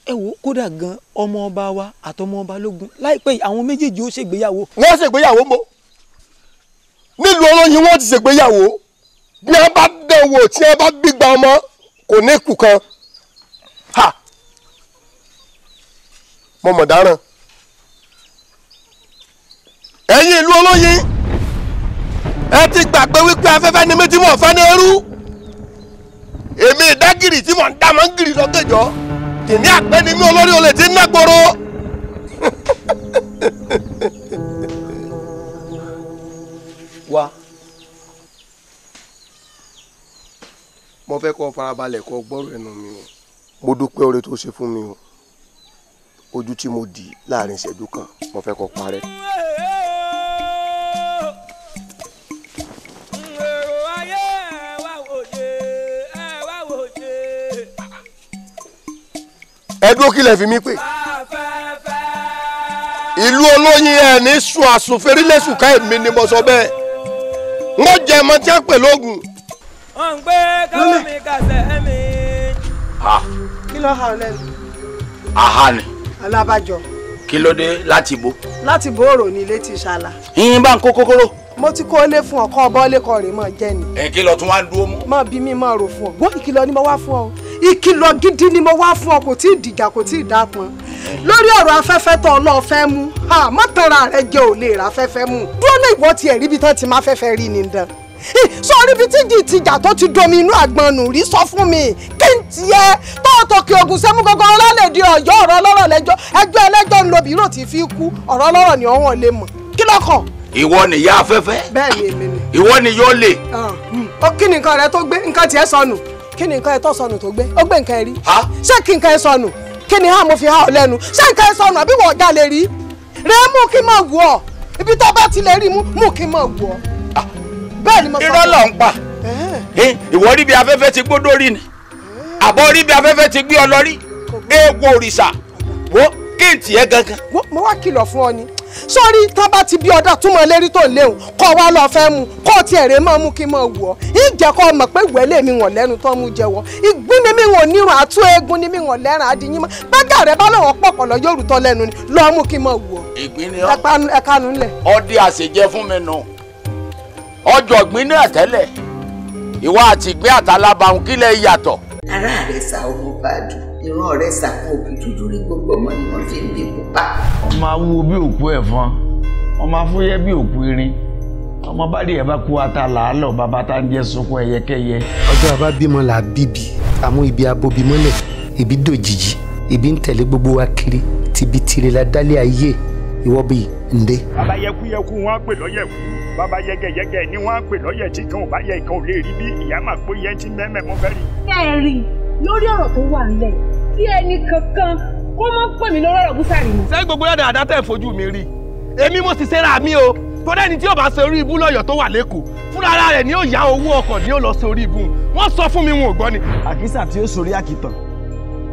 ẹ wo kódà gan ọmọ ọba wa àtọmọ ọba lógun láìpẹ́ yìí àwọn méjèèjì ó ṣègbéyàwó. wọ́n ṣègbéyàwó mo nílùú olóyin wọ́n ti ṣègbéyàwó bí wọ́n bá dẹ̀wò tí wọ́n bá gbígba ọmọ kò ní kù kan mo mọ̀ dáràn ẹ̀yin ìlú olóyin ẹ ti gbàgbé wípé afẹ́fẹ́ ni mi ti mọ̀ fẹ́ ní ẹrú èmi ìdágìrì tí mò ń dá máa ń gìrì lọ́gẹ̀jọ́ kìnìún àgbẹ̀ ni mí olórí olè ti ń nágboro. wá mo fẹ́ kó farabalẹ̀ kó gbọ́rọ̀ ẹnu mi o mo dúpẹ́ oore tó ṣe fún mi o ojú tí mo dì láàrin ìṣẹ́jú kan mo fẹ́ kó parẹ́. ẹ dúró kílẹ̀ fi mí pè ìlú olóyin ẹ ní sùn àsùnfẹ́rí lẹ́sùn ká èmi ni mo sọ bẹ́ẹ̀ wọ́n jẹ ẹmọ tí wọ́n pè lóògùn. wọ́n ń gbé káwọn mi kàṣẹ ẹ̀mí. kí ló ha ọ lẹ́nu. aha ni. alábàjọ. kí ló dé láti bo. láti bo òrò ní ilé ti ṣàlà. yín bá ń kó kókóró. mo ti kó lé fún ọkọ ọbọ lẹkọọ rẹ mọ jẹ ni. ẹ kí lọ tún wá dúró mọ. mọ bí mi mọ rò fún ọ gbọ́ ìkìlọ̀ ni mo wá fún ọ ìkìlọ̀ gidi ni mo wá fún ọ kò tí ì dìjà kò tí ì dápọn lórí ọ̀rọ̀ afẹ́fẹ́ tó ọlọ́ọ̀ fẹ́ mú mọ́tànra rẹ jẹ́ ò lè ra afẹ́fẹ́ mú dúró náà ìwọ tiẹ̀ ríbi tán ti máa fẹ́fẹ́ rí ni dán sọrí ibi tí jì tìjà tó ti domi inú àgbọn nù rí sọ fún mi kí n tiẹ tọ́ọ̀tọ̀ kí ogun sẹ́mu gangan ọlọ́lẹ̀dẹ̀ ọ̀yọ́ ọ̀rọ̀ ọlọ́rọ̀ lẹ́jọ́ ẹjọ́ ẹlẹ́jọ́ ń lo bírò tí fi kú ọ̀rọ̀ ọlọ́rọ̀ ni ọ̀wọ́n lè mọ̀ kí lọ́kàn. ìwọ ni ìyá afẹ́fẹ́ ìwọ ni yóò lè. Ah, hmm. ó kí nìkan rẹ tó gbé nǹkan tiẹ̀ sọnù kí ni nǹkan ẹ tó sọnù tó gbé ó gbé nǹkan ẹ rí ṣé kí nǹkan ẹ sọnù kí ni hàn mo fi ha o lẹ́nu ṣé nǹkan ẹ sọnù àbí wọ́n ọ̀gá lè rí rẹ mú kí n máa ibi tó ba ti le rí mú mú kí n máa wù ọ. Ah, bẹ́ẹ̀ ni mo sọ irọ́ ló ń pa ìwọ rí bí afẹ́fẹ́ ti gbódó rí ni àbọ̀ rí bí afẹ́fẹ́ ti gbé olori. lọ rí ewu òrìṣà wo kí n tiẹ̀ gangan. mo wá kìlọ̀ fún ọ ni sórí tán bá ti bí ọ̀dà túmọ̀ lérí tó léwu kọ́ wa lọ fẹ́ mu kọ́ ti ẹ̀rẹ́ máa mú kí n máa wù ọ́ ìjẹ́ kọ́ mọ̀ pé ìwẹ́lẹ̀ mi wọ̀n lẹ́nu tán mú jẹ́wọ́ ìgbín ni mi wọ̀n nírun àtú eegun ni mi wọ̀n lẹ́ràn adìyín mọ́ bẹ́gà rẹ bá lọ́wọ́ pọ̀pọ̀lọ́ yóò rútọ́ lẹ́nu ni lọ mú kí n máa wù ọ́. ìgbín ni ẹ̀kánu ńlẹ̀. ọdẹ àṣejẹ fún mi nù ìran rẹ̀ sàkún òkú dúdú rí gbogbo ọmọ ni wọ́n fi ń bí pupa. ọmọ awúwo bí òkú ẹ̀fọn ọmọ afúyẹ́ bí òkú irin ọmọ bá dìyẹ bá kú ata làálọ̀ bàbá tá ń jẹ́ sunkún ẹyẹkẹyẹ. ọjọ́ àbá bímọ là á bíbí àmú ibi abobi ibi dòjìjì ibi ń tẹ̀lé gbogbo wa kiri tìbí tìrẹ la dálé ayé ìwọ bíi ǹdẹ. bàbá yẹkuyẹku wọn á pè lọ́yẹ̀kú bàbá yẹgẹyẹgẹ ni wọn á pè lọ́yẹ̀ tí kan ò bá yẹ ìkan ò lè rí bí ìyá máa pé yẹn ti mẹ́mẹ́ mọ́ fẹ́ lórí ọ̀rọ̀ tó wà nílẹ̀ kí ẹnì kankan kó má pè mí lọ́rọ̀ ọ̀rọ̀ búsàrì mi. ṣé gbogbo yàrá àdá tẹ̀ fojú mi rí èmi mo sì ṣera mi o tọ́lá ẹni tí yóò bá ṣe orí ibú lọ́yọ̀ tó wà lẹ́kọ̀ọ́ fúnra rẹ̀ ni yóò yá owó ọkọ̀ ni yóò lọ ṣe orí ibú wọ́n sọ fún mi wọn ò gbọ́ ni. àkísà tí ó sórí àkìtàn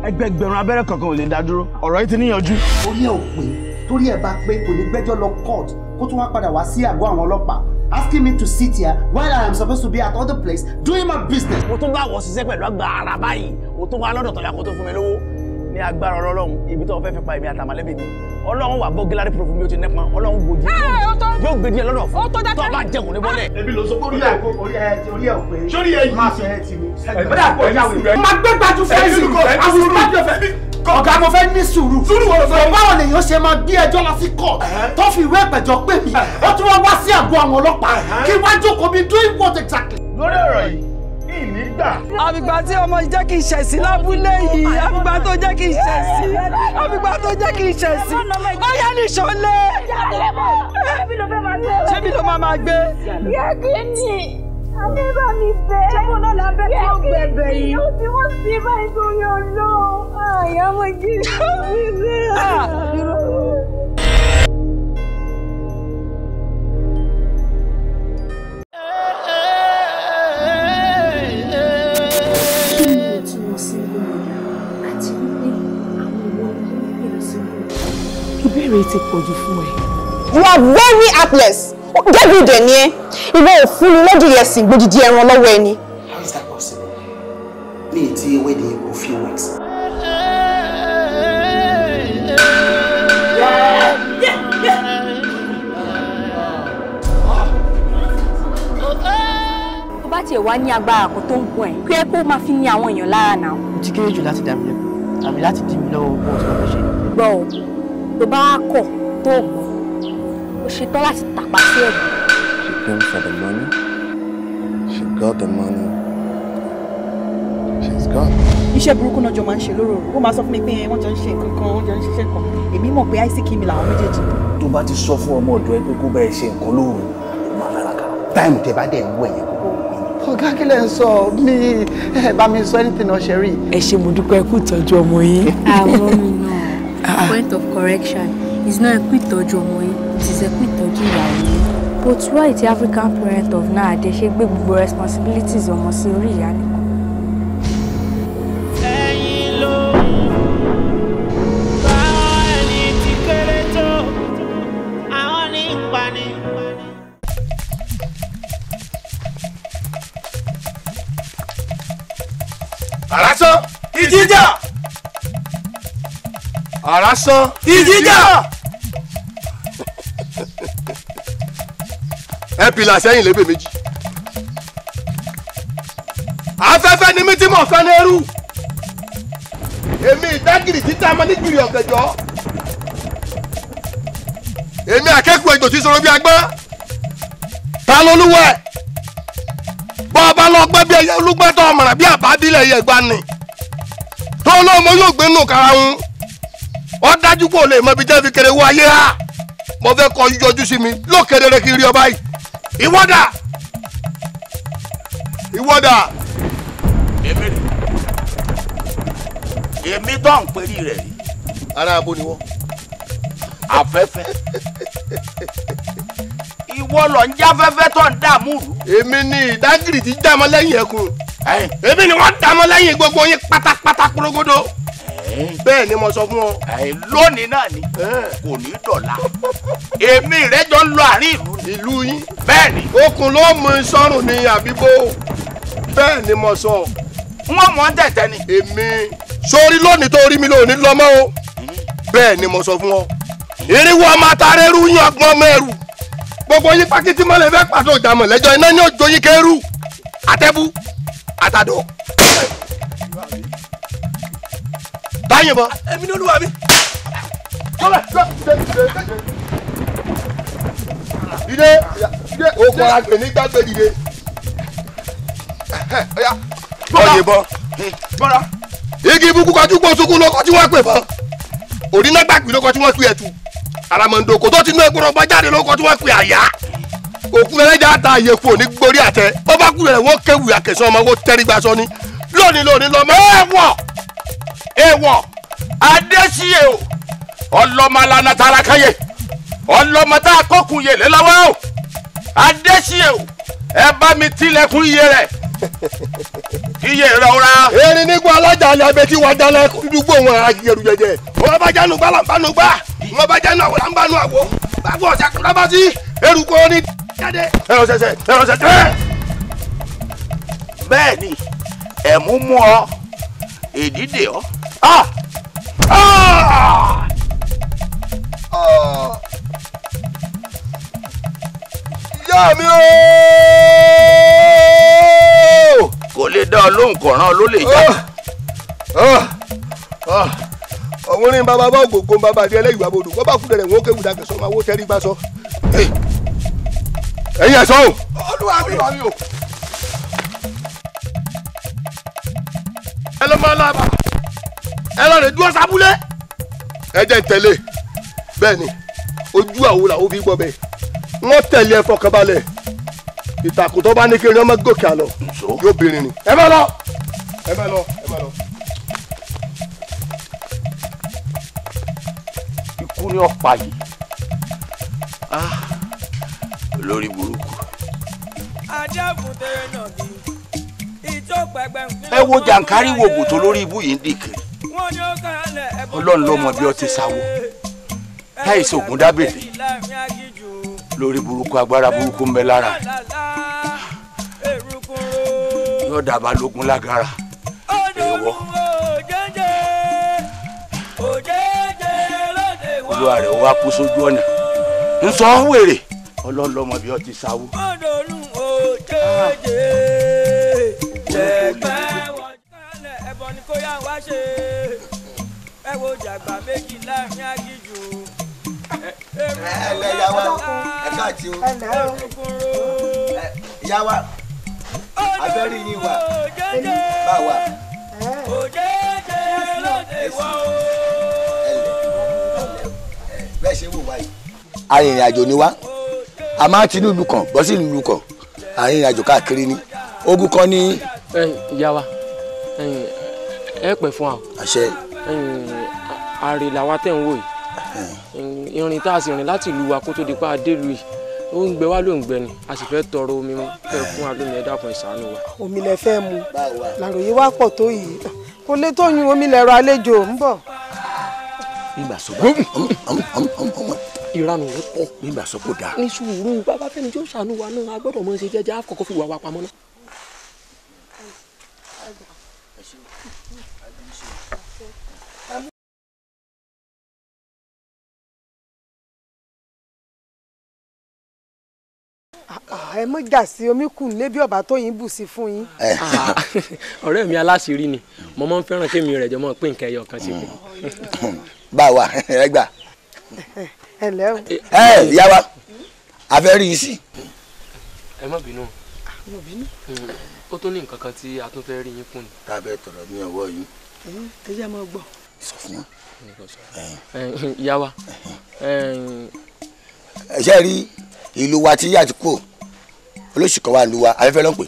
ẹgbẹgbẹ̀rún abẹ́rẹ́ kankan ò lè dá dúró ọ̀rọ̀ yìí ti níyanjú. orí ẹ ò pé torí ẹ bá pé kò ní gbẹ́jọ́ lọ court kó tún wá padà wá sí àgọ́ àwọn ọlọ́pàá asking me to sit here while I am supposed to be at other place doing my business. mo tún bá wọ ṣiṣẹ́ pẹ̀lú àgbà ara báyìí mo tún wá lọ́dọ̀ tó yà kó tó fún mi lówó ní agbára ọlọ́run ibi tó fẹ́ fi pa èmi àtàmọ́lẹ́bí mi ọlọ́run wà bọ́gílárì púrọ̀fù mi ó ti nẹ́pọn ọlọ́run gbòdì yóò gbèdí ẹ lọ́dọ̀ fún tó bá jẹun ní bọ́lẹ̀. ebi ló sọ orí ẹ orí ẹ orí ẹ ò pé sórí ẹ yìí máa sọ ti mi. ẹ bẹ́ẹ̀ àpò ìyàwó rẹ. máa gbé gbajú fẹ́ẹ́ sí ọ̀gá mo fẹ́ ní sùúrù sùúrù wo ló fẹ́. báwo lèèyàn ṣe máa gbé ẹjọ́ lọ sí court tó fi ìwé ìpẹ̀jọ́ pè mí ó tún wọ́n wá sí àgọ́ àwọn ọlọ́pàá kí wọ́n jókòó mi doing what exactly. lórí ọ̀rọ̀ yìí nígbà. àbígbà tí ọmọ yìí jẹ́ kí n ṣẹ̀sí lábúlé yìí àbígbà tó jẹ́ kí n ṣẹ̀sí àbígbà tó jẹ́ kí n ṣẹ̀sí ó yẹ ní ìṣọ̀lẹ̀ ṣé mi ló máa gbé. yẹ kí ni. Adé bá mi bẹ́. Jẹ́kọ̀ọ́ náà la bẹ́ tí ó gbẹ̀bẹ̀ yìí. Ó ti wọ́n sí báyìí torí ọlọ́run. Àyà máa kí ni ó fi You are very helpless. Get dẹ̀ ni ẹ ìwọ ò fún ni lọ́dún yẹn sìn gbòdìdí ẹran lọ́wọ́ ẹni. How is that possible? ní ètí wedding yẹn kò fi weeks. tó bá tiẹ̀ wá ní agbára kò tó ń gun ẹ̀ pé kó máa fi ní àwọn èèyàn lára náà. mo ti kéré jù láti dà mí lẹ́kọ̀ọ́ àmì láti dí mi lọ́wọ́ owó tí wọ́n fẹ́ ṣe. gbọ́ ò tó bá kọ̀ tó kù ó ṣetán láti tàpá sí ẹ̀gbọ́n him for the money. She got the money. She's got. Iṣẹ́ burúkú náà jọ máa ń ṣe lóró. Ó máa sọ fún mi pé wọ́n jọ ń ṣe nǹkan kan, wọ́n jọ ń ṣiṣẹ́ kan. Èmi mọ̀ pé ICK mi làwọn méjèèjì. Tó bá ti sọ fún ọmọ ọ̀dọ́ ẹ pé kó bá ẹ ṣe nǹkan lóru, ó máa lára kan. Táìmù tẹ bá dẹ̀ ń wẹ̀ yẹn kó ọ̀gá kí lẹ̀ ń sọ mí ẹ bá mi sọ anything náà ṣe rí. ẹ ṣe mo dúpẹ́ kú ìtọ́jú ọmọ yín. àmọ́ mi náà point of correction is not ẹ kú ìtọ́jú ọmọ yín it is ẹ kú ìtọ́jú ìyàwó yín. But why the African parent of nowadays ṣe gbé gbogbo responsibilities on sí orí ìyá nìkan? àràsán ìjíjà àràsán ẹ pìlà sẹ́yìn lébè méjì. afẹ́fẹ́ ni mí tí mò ń fẹ́ lérú. èmi ìdágìrì títa mọ́ nígbìrì ọ̀gẹ̀jọ́. èmi akẹ́kọ̀ọ́ ètò tí sọ̀rọ̀ bí agbọ́n. ta ló lúwọ̀ ẹ̀. bọ́ ọba lọ gbẹ́ bí ẹyẹ olúgbẹ́tọ̀ ọmọràn bí àbádílẹ̀ yẹ gbani. tó lọ́mọ yóò gbénú karahun. ó dájú kó o lè mọ ibi jẹ́ fi kéré wọ ayé ha mo fẹ́ kọ́ yọjú sí mi lókèrè rẹ kí n rí ọ báyìí ìwọ́dà ìwọ́dà èmi rè èmi tó ń perí rẹ̀ rí. ara abo ni wọ́n. afẹ́fẹ́ ìwọ lọ ń jáfẹ́fẹ́ tó ń dààmú èmi ni ìdágìrì ti dá ọmọ lẹ́yìn ẹkùn. èmi ni wọ́n dá ọmọ lẹ́yìn gbogbo yín pátápátá kúrógódó bẹ́ẹ̀ ni mo sọ fún ọ. lónìí náà ni kò ní dọ̀la èmi rẹ jọ ń lọ àárín ìlú. ìlú yín. bẹ́ẹ̀ ni. okùn ló mú sọ́rùn ní àbíbó bẹ́ẹ̀ ni mo sọ. wọ́n mọ̀ ọ́n tẹ̀tẹ̀ ni. èmi sórí lónìí tó rí mi lónìí lọ́mọ́ o mm-hmm. bẹ́ẹ̀ ni mo sọ fún ọ. irinwó ọmọ atarẹ́rú yín ọgbọ́n mẹ́rù gbogbo yín pákítí mọ́lẹ̀ fẹ́ pàṣẹ ìjàmọ̀ lẹ́jọ́ iná ní òjò yín kẹ́rù àtẹ́bù àtàdọ̀. báyìí bọ. èmi ni olúwa mi. ìdè ìdè òkú ara gbè ní gbàgbé ìdè. bọ́lá bọ́ hmm. bọ́lá. igi ibùkún kọjú gbósùnkún ló kọjú wọ́n pè fọ́ òrìnàgbàgbì ló kọjú wọ́n pè ẹ̀tù aramọ̀ndòkò tó ti ná egbòrò ọgbà jáde ló kọjú wọ́n pè àyà òkú ẹlẹ́jà ta àyèkù òní gbórí àtẹ bọ́bá kúrẹ̀ wọ́n kéwì àkẹsàn ọmọ wọ́n tẹ́rí gbàsọ ni lónìí lónìí lọ́mọ ẹ̀ wọ̀ èèwọ̀ adésíye o ọlọ́mọ alana tara káyé ọlọ́mọ tá a kókun yèlé lọ́wọ́ o adésíye o ẹ bá mi tilẹ̀kùn iye rẹ̀ iye ìrora. erin nígbà alájà ni abẹ́tí wa dalẹ̀ dúdúgbò wọn ayẹru jẹjẹ wọn bá jánu gbá làǹbánu gbá wọn bá jánu àwọn làǹbánu àwọ báwo ọ̀sẹ̀ kúrò bá sí eruku ní jáde. ẹ̀rọ sẹ̀sẹ̀ ẹ̀rọ sẹ̀sẹ̀. bẹ́ẹ̀ ni ẹ̀mú mú ọ èdìdè ọ Ah! Ah! Ah! ooo! Kò lè dá ọ lóhùn kọ̀ọ̀ràn ló lè já. Ah! Ah! Ah! Ọ̀hún ní bàbá bá ògògó bàbá àdé ẹlẹ́yìn bàbá Wọ́n bá kú dẹ̀rẹ̀ wọ́n kéwù dàgbẹ̀ sọ́mọ owó tẹ́rí gbá sọ. Ẹ̀yin ẹ̀sọ́ o! Olúwa mi wà mí o! Ẹ ló máa ń lábàá ẹ lọ rẹ dúró sábúlé ẹ jẹ́ tẹ̀lé bẹ́ẹ̀ ni ojú àwo làwọn fi gbọ́ bẹ́ẹ̀ wọ́n tẹ̀lé ẹ fọkànbalẹ̀ ìtàkùn tó bá ní kí ọmọ gòkè àlọ yóò bèrè ni. ẹ bá lọ ẹ bá lọ ẹ bá lọ. ikú ni ọ̀pá yìí ah, lórí burúkú. ẹ wo jàǹkárí wo bùtò lórí ibú yìí ń dìkìrì ọlọ́run ló mọ bí ọ ti sáwó láìsí ògùn dábìlì lórí burúkú agbára burúkú ń bẹ lára yóò dàbà lógun lágara èèwọ olúwa rẹ̀ wá kú sójú ọ̀nà ń sọ wèrè ọlọ́run ló mọ bí ọ ti sáwó. ọdọọdún ò jẹjẹrẹ. fẹ́ wo jàgbá méjì láàrin agíjù. ẹ yà wá ẹ káàtì o yà wá abẹ́rẹ́ yín wà bá wà. òjèèjè lóde wá o. bẹ́ẹ̀ ṣe wò wáyé. arìnrìn àjò ni wá a máa ti ní kan bọ́ sí ìlú kan arìnrìn àjò káàkiri ni ogun kan ní. ìyá wa ẹ pẹ́ fún wa. àṣẹ àrè làwa tẹ̀ ń wò yìí irin tá a sì rìn láti ìlú wa kó tó di pa adélu yìí ó ń gbẹ wá ló ń gbẹ ni a sì fẹ́ tọrọ omi mu fẹ́ fún alómi ẹ̀dá kan ìsàánú wa. omi lẹ fẹ́ mu làròyé wá pọ̀ tó yìí kò lè tó yun omi lẹ̀rọ àlejò ń bọ̀. nígbà sọ bá ìranù rẹ pọ̀. nígbà sọ kò dáa. ní sùúrù bàbá fẹ́ni tí ó sànú wa náà a gbọ́dọ̀ mọ̀ ṣe jẹ́jẹ́ àkọ́kọ́ fi wà wá pamọ́ náà. ẹ mọ jà sí omi kù nílé bí ọba tó yín bù sí fún yín. Ah. ọ̀rẹ́ mi aláṣírí ni mo máa ń fẹ́ràn kémi rẹ̀ jọ mọ́ pé nǹkan ẹyọ kan sí mi. Hmm. bá a wà ẹ gbà. ẹ ǹlẹ́ o. ẹ ìyá wa a fẹ́ rí i sí. ẹ má bínú. Ah, mo hmm. tún ní nǹkan kan tí a tún fẹ́ rí yín kùn ni. tá a bẹ tọrọ ní ọwọ́ yín. Hmm, ẹ yá máa gbọ́. sọ fún wa. Eh, ìyá wa. Eh, eh, ẹ ṣe rí ìlú wa tí yàtúkọ̀ olóṣù kan wà ń lu wa afẹ́fẹ́ ló ń pè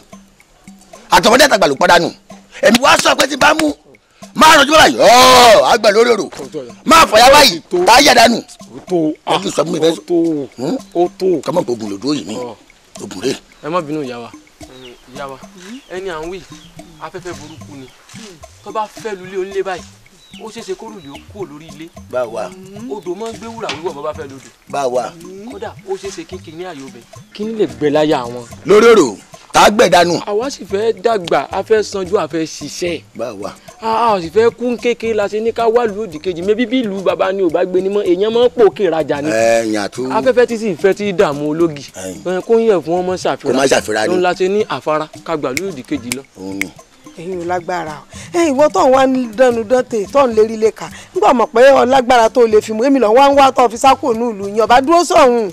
àtọmọdé àtàgbà ló pàdánù èmi wá sọ pé ti bá mú máa rànjú bàbá yìí ọ́ọ́ àgbà lórí òrò máa fọyà báyìí tá a yà dànù. o sọ fún mi fẹ́ o tó hmm? kọ́mọ̀ lòdó yìí ni ogun rè. ẹ má bínú ìyá wa ẹni à ń wí afẹ́fẹ́ burúkú ni hmm. tó bá fẹ́ lulẹ̀ ó ń lé báyìí ó ṣeéṣe kó rùlé ó kúrò lórí ilé. bá a wà. odò máa ń gbé wúrà wíwọ̀ bó bá fẹ́ lodò. bá a wà. kódà ó ṣeéṣe kí kinní ààyò bẹ kinní lè gbẹ láyà wọn. lórí ọ̀rọ̀ tá a gbẹ̀ dànù. àwa sì fẹ́ dàgbà a fẹ́ sanjú a fẹ́ ṣiṣẹ́. bá a a sì fẹ́ kún kékeré la ṣe ní ká wá lu òdì kejì mẹ́bí bí ìlú baba ni ò bá gbé ni mọ́ èèyàn máa ń pò kí ìrajà ni. ẹ yàn tó. afẹ́fẹ́ tí sì fẹ́ tí dààmú ológi. kó ń yẹ fún ọmọ ṣàfihàn. kó má ṣàfihàn ni. òun la ṣe ní àfara ni ẹ̀yin ò lágbára o ẹ ìwọ tó ń wá dánu dánte tó ń lérí lẹ́ka nígbà mọ̀ pé ọlágbára tó lè fi mú èmi lọ́n wá ń wá tó fi sákò ní ìlú yín ọba dúró sọ̀hún.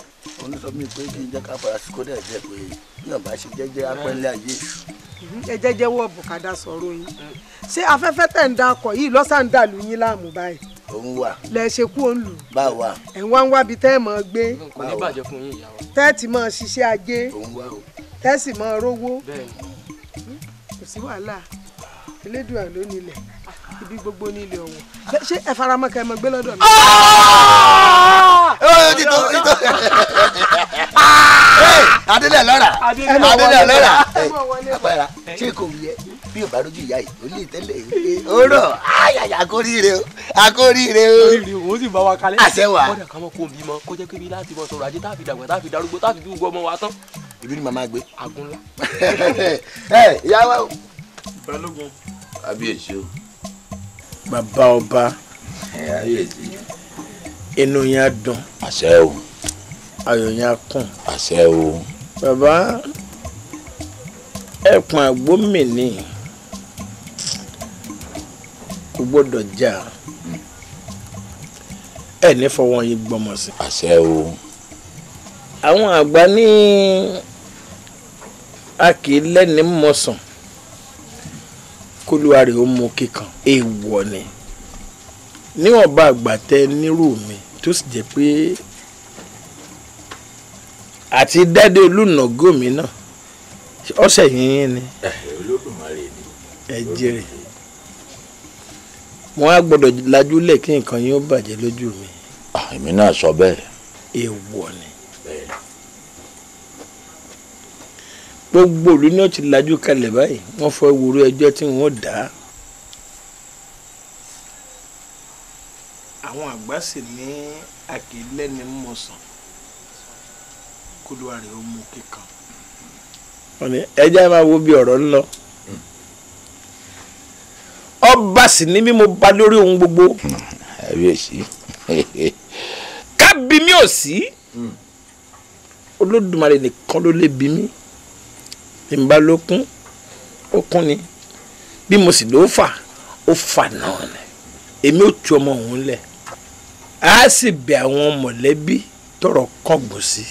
òun sọ mí pé kí n jẹ́ ká fara sí kódà jẹ́ pé yóò bá ṣe jẹ́jẹ́ apẹ́lẹ́ ayé. ẹ jẹ́jẹ́ wọ bùkádà sọ̀rọ̀ yín ṣé afẹ́fẹ́ tẹ̀ ń da ọkọ̀ yìí lọ́sàn-án dà lù yín láàmú báyìí. òun wà. lẹ ṣe kú òun lù. bá wa. ẹ̀ ń wá ń wábi tẹ́ ẹ̀ mọ́ gbé. kò ní bàjẹ́ fún yín ìyá tẹ́ẹ̀tì máa ṣiṣẹ́ ajé. òun wà o. tẹ́ẹ̀sì máa rówó. bẹ́ẹ̀ ni kò sí wàhálà elédùà ló nílẹ̀ ibi gbogbo nílẹ̀ ọ̀wọ̀ ṣé ẹ fara mọ́ ká gbé lọ́dọ̀ mi. adélẹ̀ lọ́ra adélẹ̀ lọ́ra àpẹẹrẹ ṣé kò yẹ bí o bá rojú ìyá yìí ó lè tẹ́lẹ̀ yìí ó rọ̀ ayàyà o àkóríire o. oríire sì bá wa kalẹ̀. àṣẹ wa. kọ́dà kan mọ́ kó mi mọ́ kó jẹ́ kébi láti mọ sọ̀rọ̀ ajé tá dàgbà tá darúgbó tá a fi bí wa tán ibi ni màmá gbé. agunla. ẹ ìyá wa o. balógun. abiyèsí o. bàbá ọba. ẹ abiyèsí. inú yẹn á dùn. àṣẹ o. ayọ̀ yẹn á kùn. àṣẹ o. bàbá ẹ̀pọ̀n àgbómìnì kò gbọ́dọ̀ jà ẹ̀ ní fọwọ́ yìí gbọ́mọ̀ sí. àṣẹ o. àwọn àgbà ní. Ni a kì í lẹ́ni mọ̀sán kólúwarì ó mú kíkan èèwọ̀ ni níwọ̀nba àgbàtẹ nírú mi tó sì jẹ́ pé àti dádé olùnàgó mi náà ọ̀sẹ̀ yìnyín ni ẹ jèrè wọn á gbọ́dọ̀ lajúlẹ̀ kí nǹkan yín ó bàjẹ́ lójú mi. Ah, èmi náà sọ bẹ́ẹ̀. èèwọ̀ ni. gbogbo òlú náà ti lajú kalẹ̀ báyìí wọ́n fọ ewúro ẹjọ́ tí wọ́n dá. àwọn àgbà sì ní àkìlẹ́ni mọ̀sán kóluwa rẹ̀ ó mú kíkan. wọ́n ní ẹja máa wo bí ọ̀rọ̀ ń ọba sì ni bí mo bá lórí ohun gbogbo. kábíyèsí. ká bí mi ò sí hmm. olódùmarè nìkan ló lè bí mi. Mm bí n bá ló kún ó kún ni bí mo sì ló fà ó fà náà ni èmi ò tu ọmọ òun lẹ̀ á sì bẹ àwọn mọ̀lẹ́bí tọrọ kọgbọ sí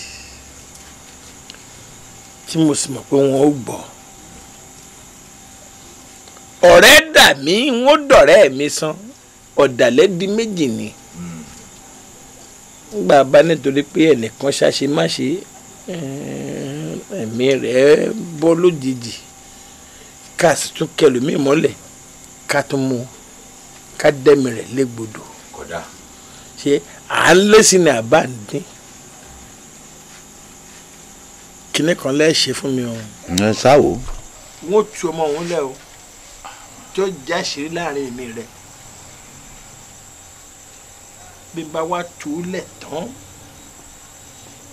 tí mo sì mọ̀ pé wọn ò gbọ́ ọ̀rẹ́ dà mí wọ́n dọ̀rẹ́ mi san ọ̀dàlẹ̀ di méjì ni nígbà nítorí pé ẹnìkan ṣàṣemáṣe ẹ̀ẹ́ ẹ̀mí rẹ̀ bọ́ lójijì ká sì tún kẹlòmíì mọ́lẹ̀ ká tún mú ká dẹ́mi rẹ̀ légbodò. kódà. ṣé à ń lẹ́sìn ní àbá dín kinní kan lẹ́ ṣe fún mi o. ẹ sáwo. wọ́n tu ọmọ òun lẹ́ o tó já ṣeré láàrin èmi rẹ̀ bí n bá wá tu ú lẹ̀ tán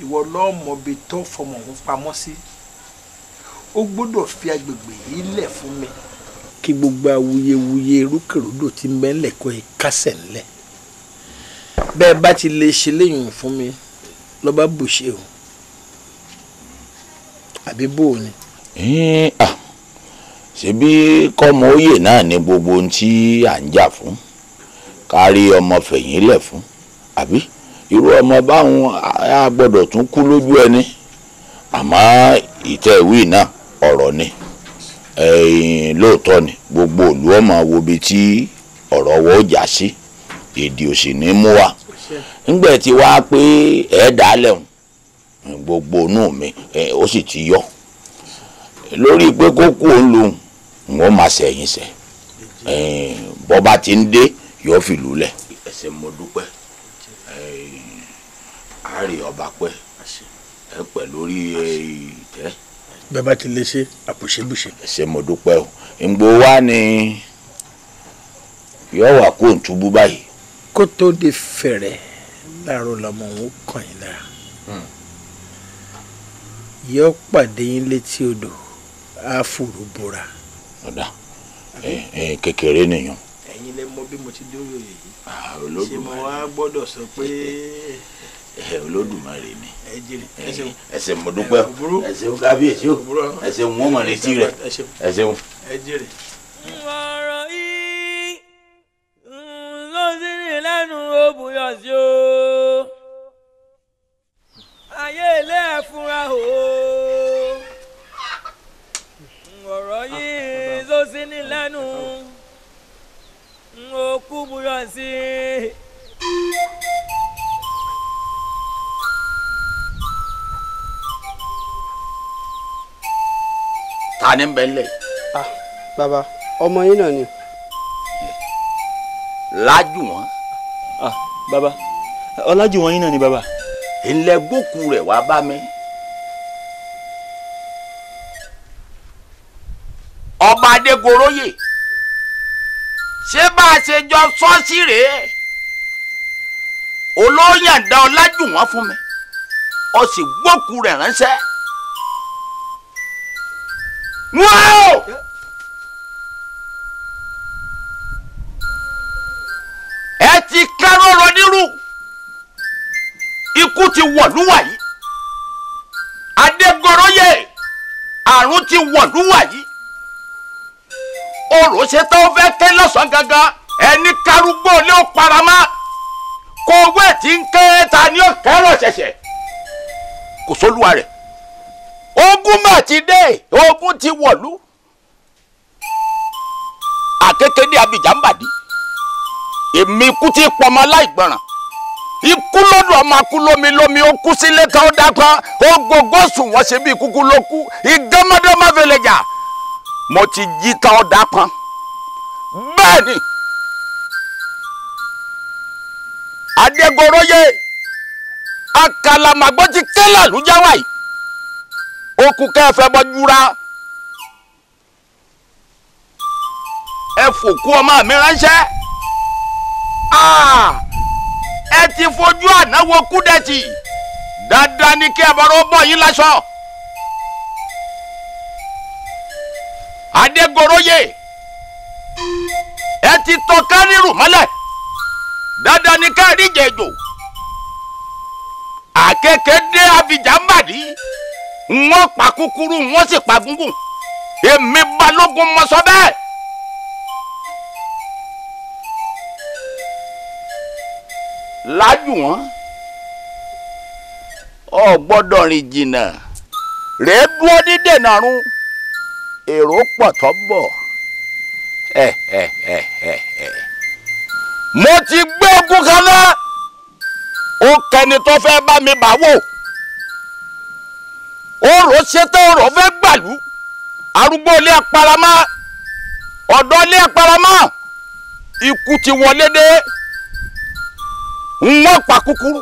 ìwọ lọ́mọbi tó fọmọ òun pamọ́ sí ó gbọ́dọ̀ fi agbègbè yìí lẹ̀ fún mi. kí gbogbo awuyewuye rúkèrúdò ti mẹ́lẹ̀ kọ́ ẹ kásẹ̀ ńlẹ̀ bẹ́ẹ̀ bá ti lè ṣe léyìn fún mi lọ́ba bùṣe o àbí bò ó ni. ṣebí kọ́mọ oyè náà ni gbogbo ohun tí à ń jà fún kárí ọmọ fẹ̀yìn lẹ̀ fún àbí. Mm, ah irú ọmọ báwọn á gbọ́dọ̀ tún kú lójú ẹni àmọ́ ìtẹ̀wé náà ọ̀rọ̀ ni lóòótọ́ ni gbogbo ìlú ọmọ wo bi tí ọ̀rọ̀ wọ́ jà sí èdè òsì ní mú wa ńgbẹ̀ tí wàá pé ẹ̀ẹ́dà lẹ́hùn gbogbo inú mi ó sì ti yọ lórí pé kó kú òun lòun máa sẹ̀yìn sẹ̀ bọ́ ti ń dé yọ fìlú lẹ̀. ẹsẹ̀ mo àárè ọba pẹ ẹ lórí bá ti lè ṣe wa ni wà kó báyìí. kó tó di fẹrẹ láàárọ̀ lọmọ òun kàn yín náà hmm. yọ pàdé yín létí odò á fòrò ẹ ẹ kékeré lè mọ bí mo ti yìí ah, ṣé mo wá gbọdọ sọ pé. ẹ olódùmarè mi ẹ ṣé mo dúpẹ́ ẹ ṣé kábíyèsí o ẹ ṣé wọn mọ létí rẹ ẹ ṣé o. ọ̀rọ̀ yìí ló sì ní lẹ́nu òbúyọ̀ sí o ayé ilé ẹ̀ fúnra o ọ̀rọ̀ yìí ló sì ní lẹ́nu òkú búyọ̀ sí i. ta ni ń bẹ nílẹ̀. Ah, bàbá ọmọ yín náà ni. lájú wọn. Ah, bàbá ọlájú wọn yín náà ni bàbá. ìlẹ̀ gbókù rẹ̀ wá bá mi. ọba adégoróyè ṣé bá a ṣe jọ sọ́ọ̀sì rèé olóyè àdá ọlájú wọn fún mi ó sì gbókù rẹ̀ ránṣẹ́ mú a o. ẹ ti kárọ̀ ọ̀rọ̀ nírú ikú ti wọ̀lú wàyí adégoroyè àrùn ti wọ̀lú wàyí orò ṣe tó fẹ́ ké lọ́sàn-án gangan ẹni kárúgbó lé ó paramá kó owó ẹ̀ ti ń ké ta ni ó kẹ́rọ̀ ṣẹ̀ṣẹ̀ kò sólúwa rẹ̀ ogun mà ti dé ogun ti wọ̀lú Akeke ní abidjan bàdí èmi ikú ti pọmọ aláìgbọràn ikú lọ́dọ̀ ọmọ akú lómi lómi ó kú sílé kan ó dápá ó gbogbo sùn wọ́n ṣe bí kúkú ló kú ìgbọ́mọdé má fẹ́ lè mo ti jí tán ó dápá bẹ́ẹ̀ ni adégoro yé akàlàmàgbọ́ ti kélà lùjáwá okùn kẹfẹ bọjúra ẹ fòkú ọmọ mi ránṣẹ́ ah! ẹ ti fojú ànáwó kúdẹ̀tì dáadáa ní kí ẹ bọ́rọ̀ bọ̀ yín láṣọ. adégoróyè ẹ ti tọ kárírù mọ́lẹ̀ dáadáa ní ká rí jẹ̀jọ̀ àkekèé dé abidjan wọ́n pa kúkúrú wọ́n sì pa gúngùn èmi balógun mọ sọ bẹ́ẹ̀. lájú wọn ọ gbọ́dọ̀ rìn jìnnà rèé dúró ní dènà rún èrò pọ̀ tó bọ̀ mo ti gbé ogun kan náà ó kẹni tó fẹ́ bá mi bá wò ọ̀rọ̀ ṣetán ọ̀rọ̀ fẹ́ gbàlú arúgbó ilé aparamá ọ̀dọ́ ilé aparamá ikú ti wọlé dé wọ́n pa kúkúrú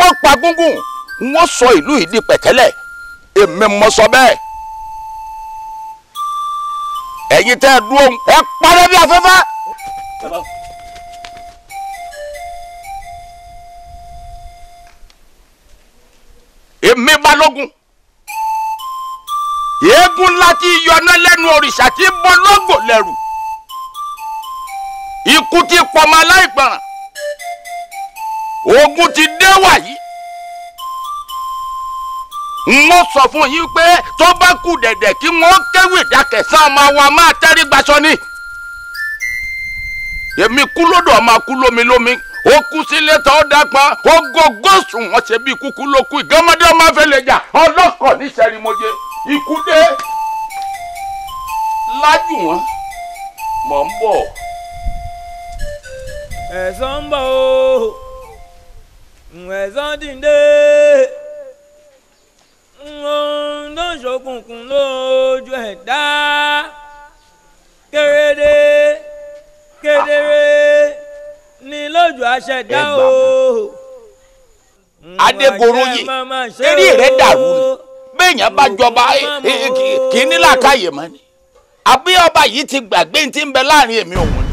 wọ́n pa gúngún wọ́n sọ ìlú yìí di pẹ̀kẹ́lẹ̀ èmi mọ sọ bẹ́ẹ̀ ẹ̀yin tẹ́ ẹ dúró ẹ parẹ́ bí afẹ́fẹ́. èmi balógun eégún láti yọná lẹ́nu òrìṣà tí bọ́ lọ́gò lẹ́rù ikú ti pọmọ aláìgbọràn ogun ti dé wàyí wọ́n sọ fún yín pé tó bá kù dẹ̀dẹ̀ kí wọ́n kéwì dákẹ̀sán ọmọ wa máa tẹ́rí gbaṣọ ni èmi kú lódò ọmọ kú lómi ó kú sílé tán ó dápọn ó gógó sùn wọ́n ṣe bí kúkú ló kú ìgọ́mọdé ọmọ fẹ́ jà ọlọ́kọ̀ ní sẹ́rìmọ́jẹ́ ikú dé lájú wọn mọ̀ ń bọ̀. ẹ̀san ń bọ̀ o ẹ̀san ti ń dé ohun tó ń ṣokùnkùn lójú ẹ̀dá kérédé kedere ni lójú aṣẹ̀dá o. adégoróyè eré rẹ̀ dàrú ni béèyàn bá jọba eh, eh, kì í nílà káyè mọ́ ni àbí ọba yìí ti gbàgbé ti ń bẹ láàrin èmi òun ni.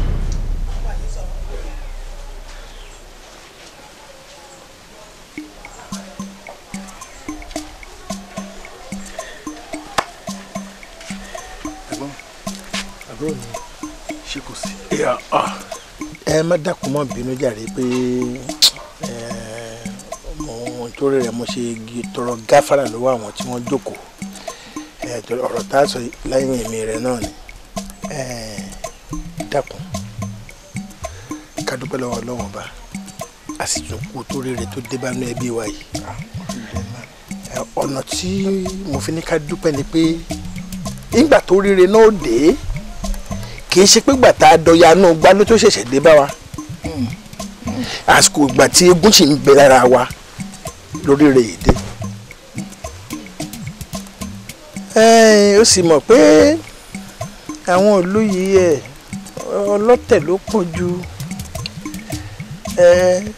Ah. ẹ má dákun bínú jàre pé torí rẹ̀ mo ṣe tọrọ gáfárà lọ́wọ́ àwọn tí wọ́n jókòó ọ̀rọ̀ tá a sọ lẹ́yìn èmi rẹ̀ náà ni dákun ká dúpẹ́ lọ́wọ́ Ọlọ́run ọba a sì tún kú tó rere dé bá nú ẹbí wa yìí ọ̀nà tí mo fi ní ká dúpẹ́ ni pé nígbà tó rere náà dé kì í ṣe pé gbà tá a dọ̀yà náà gbá ló tó ṣẹ̀ṣẹ̀ dé bá wa àsìkò ìgbà tí eégún sì ń bẹ lára wa lórí rẹ̀ èdè ó sì mọ̀ pé àwọn ìlú yìí ẹ̀ ọlọ́tẹ̀ ló kún ju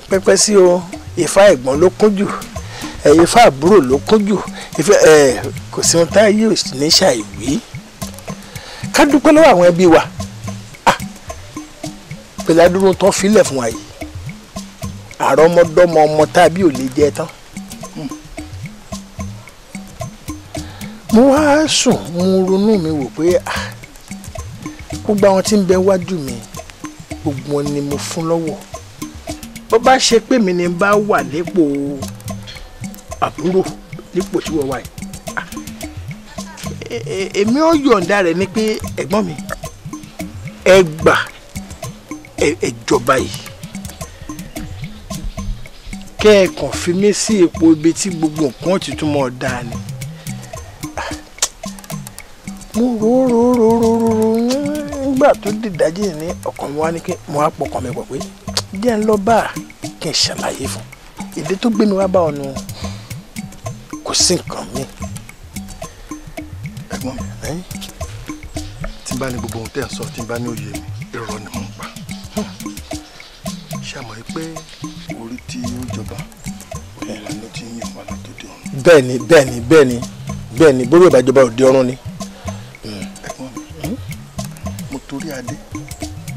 pẹpẹ sí o ìfá ẹ̀gbọ́n ló kún jù ìfá àbúrò ló kún jù kò sí ohun tá yóò ní ṣàìwí ká dúpẹ́ lọ́wọ́ àwọn ẹbí wa ah, pẹ̀lú adúrún filẹ̀ fún wa yìí àrọ́mọdọ́mọ ọmọ tá ò lè jẹ tán. mo wá sùn mo ronú mi wò pé ah, gbogbo àwọn tí ń bẹ wájú mi gbogbo wọn ni mo fún lọ́wọ́ bó bá ṣe pé mi ni bá wà nípò àbúrò nípò tí wọ́n wà yìí ah, e, e, èmi ò yọ̀ǹda rẹ̀ ni pé ẹ̀gbọ́n mi ẹ gbà ẹ jọba yìí kẹ́ ẹ kàn fi mí sí ipò ibi tí gbogbo nǹkan ti túmọ̀ dáa ni mo rò rò rò nígbà tó dìdájì ní ọkàn mi wá ní kí mo á pọkàn mi pọ̀ pé díẹ̀ ń lọ bá kí n ṣàlàyé fún èdè tó gbé mi wá bá ọ̀nà kò sí nǹkan mi. ẹ̀gbọ́n mi tí n bá ní gbogbo ohun tẹ́ ẹ̀ sọ tí n bá ní òye mi irọ́ ni mo ń pa ṣàmọ̀ pé orí tí ó jọba òun wà ló ti ń yàn wà látòdì ọ̀run. bẹ́ẹ̀ni bẹ́ẹ̀ni bẹ́ẹ̀ni bẹ́ẹ̀ni bórí ìbàjọba òde ọ̀run ni torí adé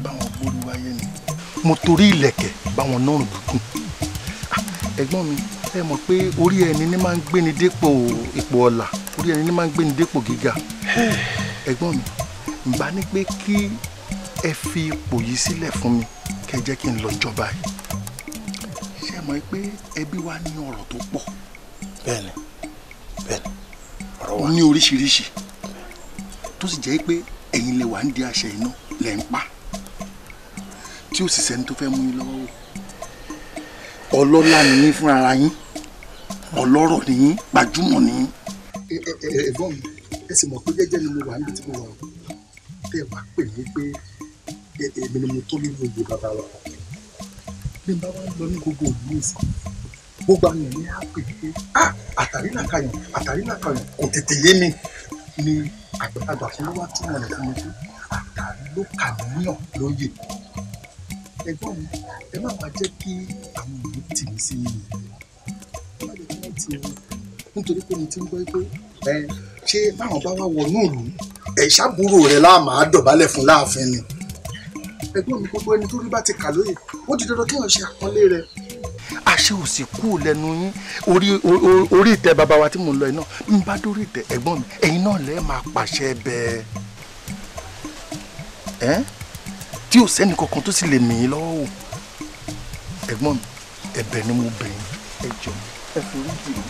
báwọn gbórí wáyé ni mo torí ìlẹ̀kẹ̀ báwọn nọ́rùn gúngún ah, ẹ̀gbọ́n mi ẹ mọ̀ pé orí ẹni ní máa ń gbéni dépò ipò ọlà orí ẹni ní máa ń gbéni dépò gíga ẹ̀gbọ́n mi ǹbá ní pé kí ẹ fi ipò yìí sílẹ̀ fún mi kẹ́ jẹ́ kí n lọ jọba yìí ṣé mọ̀ pé ẹbí wa ní ọ̀rọ̀ tó pọ̀ bẹ́ẹ̀ni bẹ́ẹ̀ni ọ̀rọ̀ wa ní oríṣiríṣi tó sì jẹ́ pé ẹ̀yin lè wà ń di àṣẹ iná lẹ̀ ń pa tí ó sì sẹ́ni tó fẹ́ mú yín lọ́wọ́ wò ọlọ́lá ni yín fúnra ara yín ọlọ́rọ̀ ni yín gbajúmọ̀ ni yín. ẹ̀gbọ́n mi ẹ sì mọ̀ pé jẹ́jẹ́ ni mo wà níbi tí mo wà tẹ́ ẹ wá pè mí pé èmi ni mo tó nínú ìwé bàbá wa bí n bá wá lọ ní gbogbo òbí ìsìn gbogbo àwọn ènìyàn á pè mí pé ah, àtàrí làkàyàn àtàrí làkàyàn kò tètè yé mi ni àgbàlagbà kan ló wá túmọ̀ rẹ̀ fún mi pé àgbà ló kà níyàn lóye ẹ̀gbọ́n mi ẹ má wàá jẹ́ kí àwọn èèyàn tì mí sí yìí ẹ má jẹ́ kí wọ́n tì mí nítorí pé mo ti ń gbọ́ pé ẹ ṣé báwọn bá wá wọnú ìlú ẹ ṣàbúrò rẹ̀ láàmà á dọ̀bálẹ̀ fún láàfin ni ẹ̀gbọ́n mi gbogbo ẹni tó rí bá ti kà lóye ó di dandan kéèyàn ṣe àpọ́nlé rẹ̀ àṣẹ ò sì kú lẹ́nu yín orí ìtẹ́ bàbá wa tí mò ń lọ yìí náà ń bá dórí ìtẹ́ ẹ̀gbọ́n mi ẹ̀yin náà lẹ́ẹ̀ máa pàṣẹ bẹ́ẹ̀ ẹ́ tí ò sẹ́ni kankan tó sì lè nì í lọ́wọ́ wò ẹ̀gbọ́n mi ẹ̀bẹ̀ ni mo bẹ̀ yín ẹ jọ ẹ forí jì mí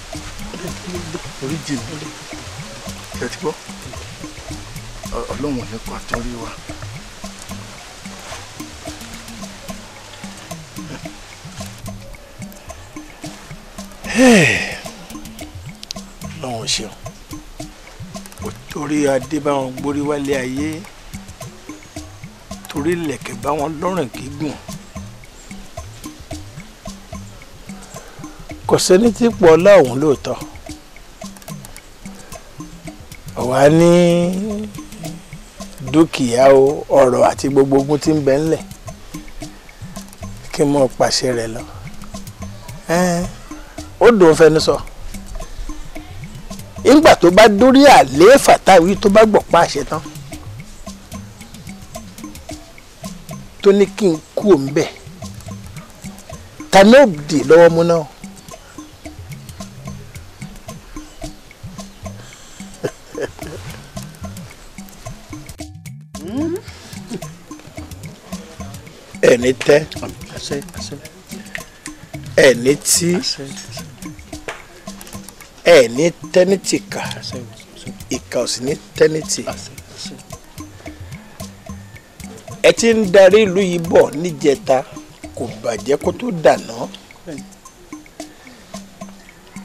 forí jì mí ẹ ti gbọ́ ọlọ́run ò ní kó àtúnrí wa. lọ́wọ́n ṣeun torí adé báwọn gborí wálé ayé torí ilẹ̀kẹ̀ báwọn lọ́rùn gígùn kò sẹ́ni tí pọ̀ ọlá òun lóòótọ́ ọ̀wá ní dúkìá o ọ̀rọ̀ àti gbogbo ogun tí ń bẹ ńlẹ̀ kí n mọ̀ pàṣẹ rẹ̀ lọ. Eh ó dùn fẹnu sọ ìgbà tó bá dórí àlééfà táwí tó bá gbọ̀ pa àṣẹ tán tó ní kí n kú òun bẹ̀ ta ní òbí lọ́wọ́ mú náà. ẹni tẹ́ ẹni tí ẹ ní tẹ́nìtì kà ìkà ò sì ní tẹ́nìtì ẹ ti ń darí ìlú yìí bọ̀ níjẹta kò bàjẹ́ kó tó dànà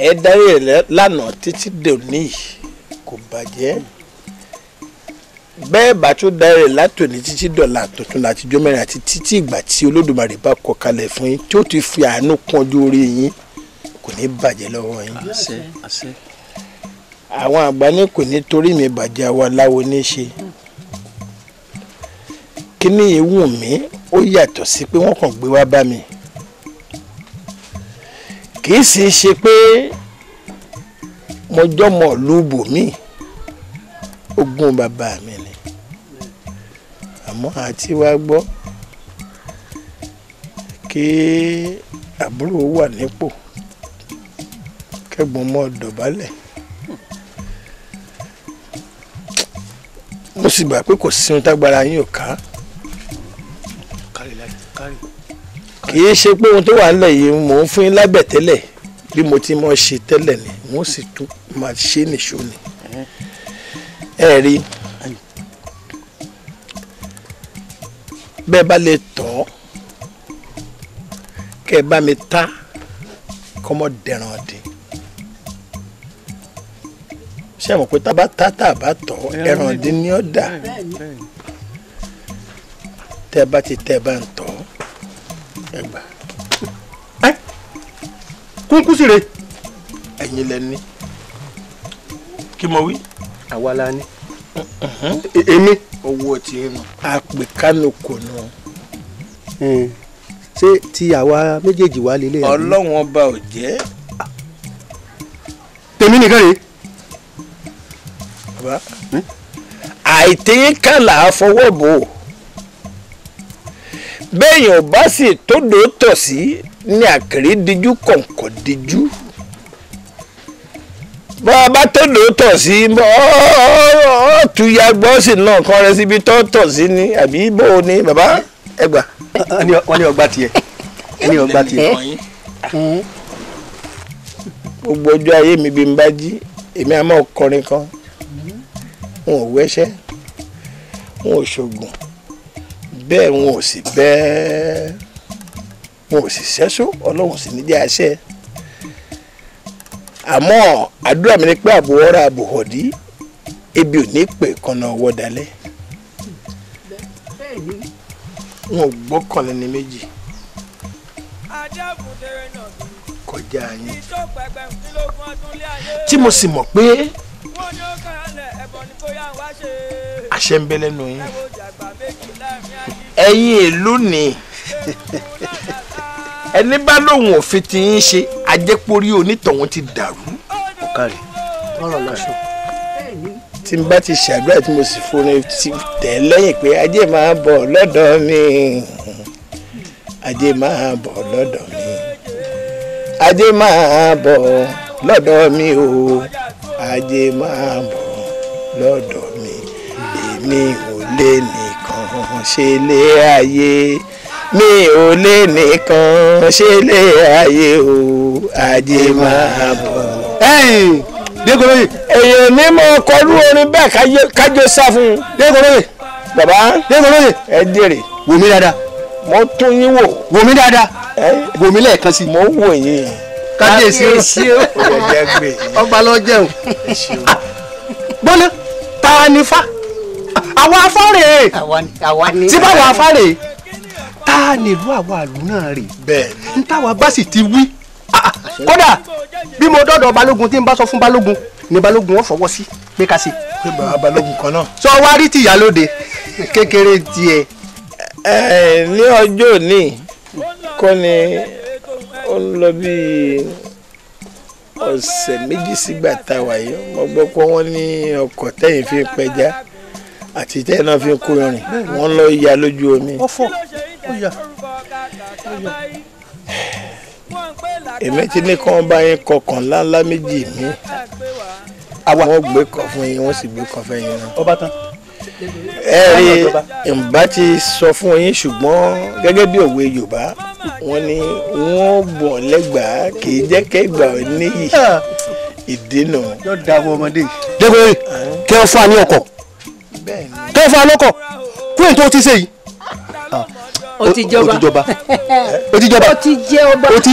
ẹ darí rẹ̀ lánàá títí dòní kò bàjẹ́ bẹ́ẹ̀ bá tún darí rẹ̀ látòní títí dọ̀là tuntun láti jọ́mẹ́rin àti títí ìgbà tí Olódùmarè bá kọ kalẹ̀ fún yín tí ó ti fi àánú kọjú orí yín kò ní bàjẹ́ lọ́wọ́ yín. àwọn àgbà ní kò ní torí mi bàjẹ́ àwa láwo ní í ṣe. kíní yìí wù mí ó yàtọ̀ sí pé wọ́n kàn gbé wá bá mi. kì í sì ṣe pé mo jọmọ lóbò mi ogún bàbá mi ni àmọ́ àti wá gbọ́ kí àbúrò wà nípò kẹ́gbọ́n mọ́ dọ̀bálẹ̀ mo sì gbà pé kò sí ohun tágbára yín ò ká kì í ṣe pé ohun tó wà nílẹ̀ yìí mò ń fún yín lábẹ̀ tẹ́lẹ̀ bí mo ti mọ̀ ṣe tẹ́lẹ̀ ni mo sì tún máa ṣe nìṣó ni ẹ rí bẹ́ẹ̀ bá lè tọ́ kẹ́ bá mi ta kọ́mọ dẹ̀ràn ọ̀dín ṣé mọ̀ pé tábà tátà bá tọ̀ ẹran dín ní ọ̀dà tẹ́ bá ti tẹ́ bá ń tọ̀ ẹ gbà. ẹ kúnkún sí re. ẹ̀yin lẹ ní. kí mo wí. àwa la ní. E, èmi. owó ti ń nù. àpè kánò kò nù ṣé ti àwa méjèèjì wá lélẹ̀. ọlọ́wọ́n bá ò jẹ́. tèmi nìkan rèé àìtíkàlà fọwọ́ bò ó béèyàn bá sì tódò tọ̀ sí ní àkèrè díjú kọ̀ǹkọ̀ díjú bá a bá tódò tọ̀ sí ọ́ tuya gbọ́ sí náà kọ́ rẹ síbi tó tọ̀ sí ni àbí bó o ní bàbá ẹ gbà. wọ́n ní ọgbà tiẹ̀ wọ́n ní ọgbà tiẹ̀. gbogbo ọjọ́ ayé mi bí n bá jí èmi àmọ́ ọkùnrin kan wọn ò wẹ́ṣẹ́ wọn ò ṣògùn bẹ́ẹ̀ wọn ò sì bẹ́ẹ̀ wọn ò sì ṣẹ́ṣó ọlọ́run sì ní jẹ́ àṣẹ àmọ́ àdúrà mi ni pé àbúwọ́rà àbùhọ̀dí ebi ò ní pè kànnà ọwọ́ dalẹ̀ wọn ò gbọ́kànlẹ̀ ní méjì kọjá yín tí mo sì mọ̀ pé àṣẹ ń bẹ lẹ́nu yín ẹ̀yin èlú ni ẹni bá lóun ò fi ti yín ṣe ajẹ́pórí onítọ̀hún ti dàrú. ọ̀kàrì ọ̀rọ̀ lọ́sọ̀. tí n bá ti ṣàdúrà tí mo sì fún un tẹ̀ lẹ́yìn pé ajé máa bọ̀ lọ́dọ̀ mi ajé máa bọ̀ lọ́dọ̀ mi ajé máa bọ̀ lọ́dọ̀ mi o ajé máa bọ̀ lọ́dọ̀ mi èmi ò lè nìkan ṣe lé ayé mi ò lè nìkan ṣe lé ayé o ajé máa bọ̀. dégolóye. èèyàn ní mo orin bẹ́ẹ̀ kájọ sá fún un. dégolóye. ẹ jèrè. wò mí dáadáa. mo tún yín wò. wò mí dáadáa. wò mí lẹ́ẹ̀kan sí mo wò yín kábíyèsí o ọba lọ jẹun gbọ́nà ta ni fa àwa afárè tí báwa afárè ta nílùú àwa àlù náà rè n táwa bá sì ti wí kódà bí mo dọ́dọ̀ balógun tí n bá sọ fún balógun ni balógun wọn fọwọ́ sí pé ká sí. pé bàbá balógun kan náà. sọ wá rí ti ìyálóde kékeré tiẹ̀. ẹ ní ọjọ́ òní kọ́ ni ó ń lọ bíi ọ̀sẹ̀ méjì sígbà tá a wà yìí mo gbọ́ pé wọ́n ní ọkọ̀ tẹ́yìn fi pẹja àti tẹ́yìn náà fi kó irin wọ́n lọ ya lójú omi. ó fọ ó yà ó yà. èmi ti ní kí wọ́n bá yín kọkàn ńláńlá méjì mi àwọn gbé kọ fún yín wọ́n sì gbé kọ fún yín náà. ọba tán ẹ rí ìbá ti sọ fún yín ṣùgbọ́n gẹ́gẹ́ bí òwe Yorùbá wọ́n ní wọ́n bọ̀ lẹ́gbàá kì í jẹ́ kẹ́gbà níyì ìdènà. yóò da àwọn ọmọdé. dẹ́gbẹ́rẹ́ kẹ́ ọ fún wa ní ọkọ̀ kẹ́ ọ fún wa lọ́kọ̀ kú èyí tó ti ṣe yìí. Ah. o ti jọba o ti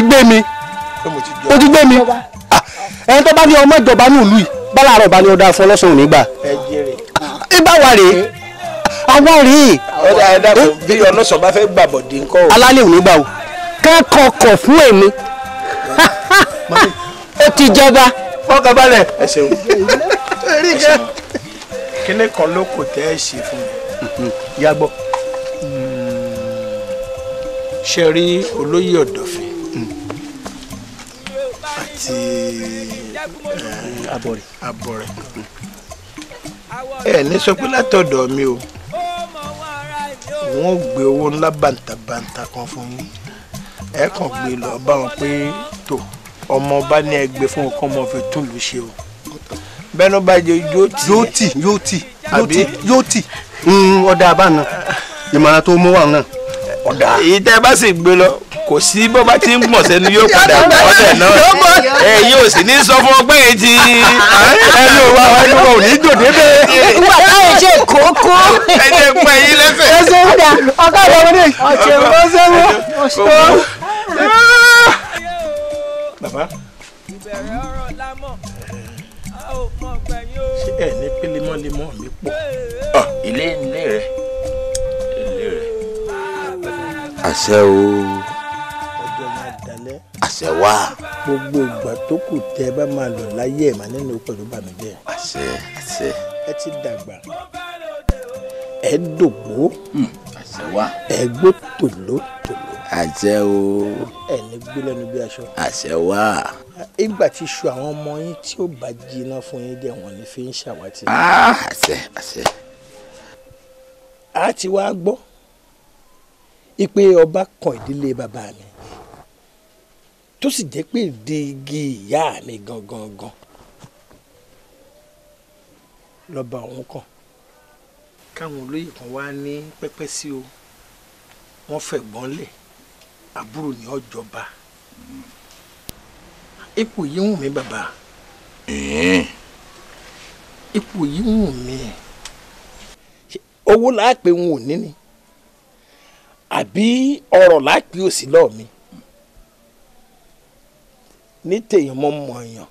ẹni tó bá ní ọmọ ìjọba ní ìlú yìí bá láàárọ̀ bá ní ọdá fún ọlọ́sàn òní gbà. ẹ jẹrè ibà wà rèé àwa rèé. ọ̀dà ẹ̀dá kò bí ọlọ́sọ̀ bá fẹ́ gbàbọ̀dé ńkọ́ o. alálẹ̀ ò ní gbà o kẹ́kọ̀ọ́ kọ̀ fún èmi ó ti jọba. fọkàn balẹ̀. ẹ ṣeun rí i gan. kíní kan ló kò tẹ́ ẹ ṣe fún mi. yàgbọ́. Hmm. ṣe rí olóyè ọ̀dọ̀fin hmm. àti eh, abọ̀rẹ̀. abọ̀rẹ̀. Hmm ẹ ní sọ pé látọ̀dọ̀ mi o wọn ò gbé owó ńlá bàǹtàbàǹtà kan fún yín ẹ kàn gbé lọ bá wọn pé tó ọmọ ọba ní ẹgbẹ́ fún ọkọ ọmọ fi tún lù ṣe o bẹ́ẹ̀ni ọba jẹ yóò tì yóò tì yóò tì yóò tì ọ̀dà àbá náà ìmọ̀ràn tó mú wà náà ọ̀dà. èyí bá sì gbé lọ kò sí bó bá ti ń mọ̀ sẹ́nu yóò padà ọ̀dẹ̀ náà ẹ yóò sì ní sọ fún ọgbẹ́ yìí ti ẹnu wa ẹnu wa ò ní dòde bẹ́ẹ̀. wà á yẹ jẹ kókó. ẹ jẹ pẹ yín lẹfẹ. ẹ ṣe ń gbà ọgá ìdọ̀wọ́dẹ ọ̀ṣẹ̀ ọ̀ṣẹ̀ ọ̀ṣẹ̀. bàbá. ṣé ẹ ní pé lemọ́lemọ́ mi pọ̀ ilé ilé rẹ̀ àṣẹ o àṣẹ wà. gbogbo ìgbà tó kù tẹ ẹ bá máa lọ láyé ẹ̀ máa nínú pẹ̀lú bàmídẹ́. àṣẹ àṣẹ. ẹ ti dàgbà ẹ dògbó. Hmm, àṣẹ wà. ẹ gbó tòló tòló. àṣẹ o. ẹ ní gbé lẹ́nu bí aṣọ. àṣẹ wà. ìgbà tí iṣu àwọn ọmọ yín tí ó bá jiná fún yín dẹ̀ wọ́n ní fi ń ṣàwátì. Ah, àṣẹ àṣẹ. a ti wá gbọ́ ipe ọba kan ìdílé bàbá mi tó sì jẹ́ pé ìdí igi ìyá mi gangan gan lọ́ba òun kàn káwọn olóyè kan wá ní pẹ́pẹ́ sí o wọ́n fẹ̀gbọ́n lẹ̀ àbúrò ní ọjọba ipò yìí wù mí bàbá ipò yìí wù mí owó làápẹ̀ wọn ò ní ni àbí ọ̀rọ̀ láàpì òsì lọ́ọ̀ mi ní tèèyàn mọ́ mọ̀ èèyàn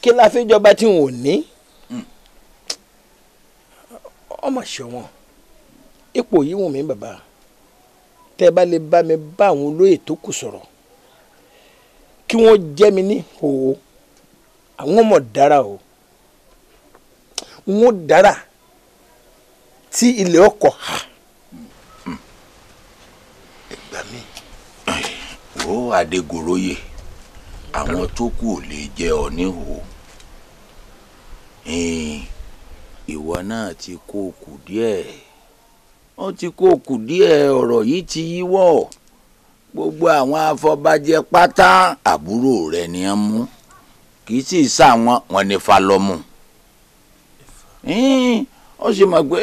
kí la fi jọba tí wọn ò ní ọmọ ṣọwọn ipò yìí wù mí bàbá tẹ bá lè bá mi bá àwọn olóyè tó kù sọ̀rọ̀ kí wọ́n jẹ́ mi ní òwò àwọn ọmọ dára o wọ́n dára tí ilẹ̀ ọkọ̀ hà. mi wo adégoroyè àwọn tó kù ò lè jẹ ọ níhò ìwọ náà ti kó kù díẹ̀ ó ti kó kù díẹ̀ ọ̀rọ̀ yìí ti yíwọ́ gbogbo àwọn afọbajẹ pátá àbúrò rẹ ni ẹ mú kì í sì sáwọn wọn ní falọmù wọ́n sì mọ̀ pé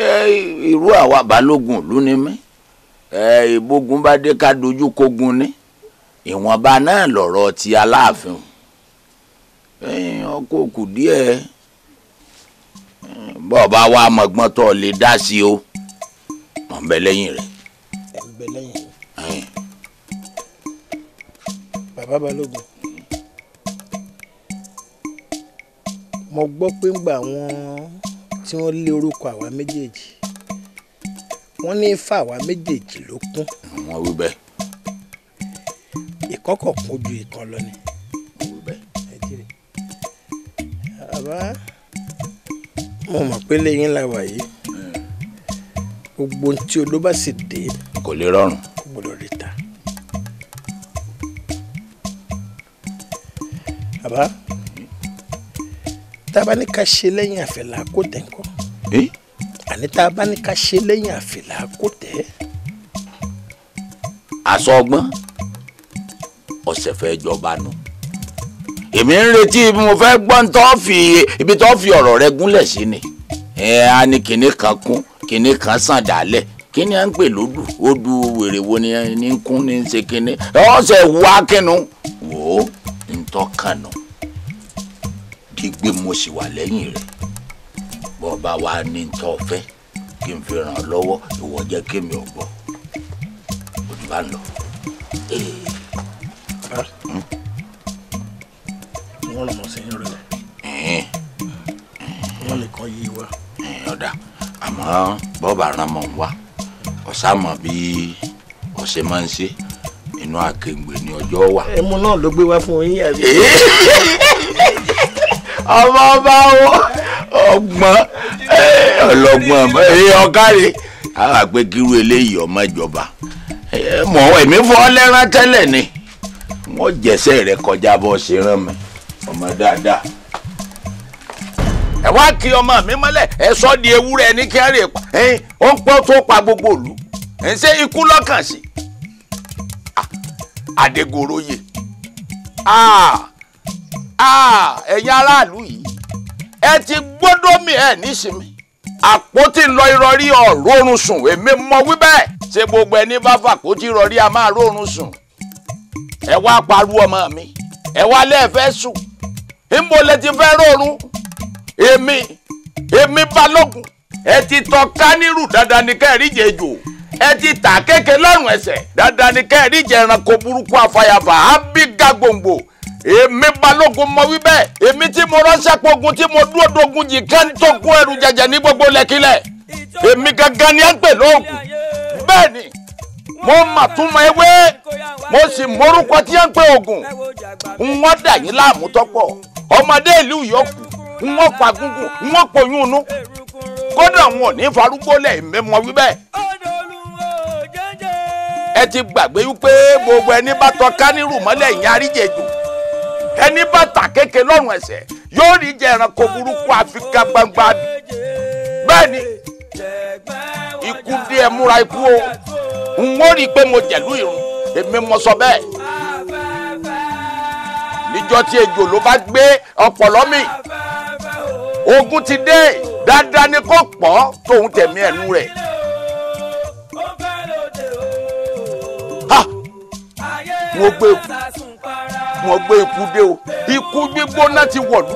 irú àwa balógun ìlú ni mí ìbógun bá dé ká dojú kogun ni ìwọ̀nba náà lọ̀rọ̀ ti aláàfin ọkọ̀ òkú díẹ̀ bọ́ọ̀ bá wá mọ̀gbọ́n tó lè dá sí o mọ̀ ń bẹ lẹ́yìn rẹ̀. bàbá balógun mo gbọ́ pé ń gbà wọ́n tí wọ́n lé orúkọ àwa méjèèjì wọ́n ní ifá àwa méjèèjì ló kún. wọ́n wí ìkọ́kọ̀ kún ju ìkan lọ ni. wọ́n wí bẹ́ẹ̀. àbá mo mọ̀ pé lẹ́yìn la wà yìí gbogbo tí odó bá sì dé. kò lè rọrùn. gbọdọ̀ rí ta. àbá tá a bá ní ká ṣe lẹ́yìn àfẹ̀là kò tẹ̀ ńkọ́. àní tá a bá ní ká ṣe lẹ́yìn àfẹ̀là kò tẹ̀. aṣọ ọgbọ́n ọ̀sẹ̀ fẹ́ jọba nù èmi ń retí ibi mo fẹ́ gbọ́n tó fi ibi tó fi ọ̀rọ̀ rẹ gúnlẹ̀ sí ni ẹ ní kinní kan kún kinní kan sàn dálẹ̀ kíni à ń pè lódù odù wèrè wo ni kún ní ṣe kíni ọ̀sẹ̀ wá kínú wò ó ń tọ́ kànú di pé mo sì wà lẹ́yìn rẹ̀ bọ́ bá wa ní tọ́ fẹ́ kí n fi ràn ọ́ lọ́wọ́ ìwọ jẹ́ kémi ò gbọ́ òjò bá ń lọ. Eh. Hmm? wọ́n lọ mọ̀ sí yín rẹ̀ eh. wọ́n lè kọ́ yí wa. Eh, ọ̀dà àmọ́ bọ́ọ̀bù àràmọ̀ ń wá ọ̀sàmọ̀ bí ọ̀sẹ̀ máa ń ṣe inú àkègbè ní ọjọ́ wà. ẹmu náà ló gbé wá fún yín àbí. ọmọ ọba wo ọgbọ́n ọlọ́gbọ́n ọ̀gá rẹ̀ àwọn àpèkírú eléyìí ọmọ ìjọba mọ̀ èmi fọ́ lẹ́rán tẹ́lẹ̀ ni wọ́n jẹ́sẹ̀ rẹ kọjá bọ́ ṣe rán mi ọmọ dáadáa ẹ wá kí ọmọ mi mọlẹ ẹ sọ di ewúrẹ ní kí á pa ẹ̀yin ó ń pọ́ tó pa gbogbo ìlú ẹ̀ ń ṣe ikú lọ́kàn sí ah, Adégoroyè. Ah. ẹ̀yin aráàlú yìí ẹ ti gbọ́dọ̀ mi ẹ̀ nísìmí àpótí lọ ìrọ̀rí ọ̀rọ̀rùn sùn èmi mọ wí bẹ́ẹ̀ gbogbo ẹni bá fàpótí ìrọ̀rí a máa sùn ẹ wá parú ọmọ mi ẹ wá lẹ́ẹ̀fẹ́ sùn ti fẹ́ rọ̀rùn èmi èmi balógun ẹ ti tọ kánírù dandan ni kẹrìíje jò ẹ ti tà kéke lọ́rùn ẹsẹ̀ ẹranko burúkú afayàfà á bí ga èmi balógun mọ wíbẹ̀ èmi tí mo ránṣẹ́ pogun tí mo dúró dogun yìí ká ń ẹrù jẹjẹ ní gbogbo lẹ́kílẹ̀ èmi gangan ni à ń pè mo mà tún mọ ewé mo sì tí à ń pè dà yín láàmú ọmọdé ìlú pa inú kódà gbogbo ẹni bá tọ ẹni bàtà kéke lọ́rùn ẹsẹ̀ yóò rí jẹ ẹranko burúkú àfikà gbangba bì bẹ́ẹ̀ ni ikú díẹ̀ múra ikú o n ó rí i pé mo jẹ̀lú irun èmi mo sọ bẹ́ẹ̀ níjọ́ tí ejò ló bá gbé ọpọlọ mi ogun ti dé dáadáa ni kò pọ̀ tóun tẹ̀mí ẹ̀nu rẹ̀. mo gbé e kú. wọ́n gbé ikú dé o ikú gbígbóná ti wọ̀lú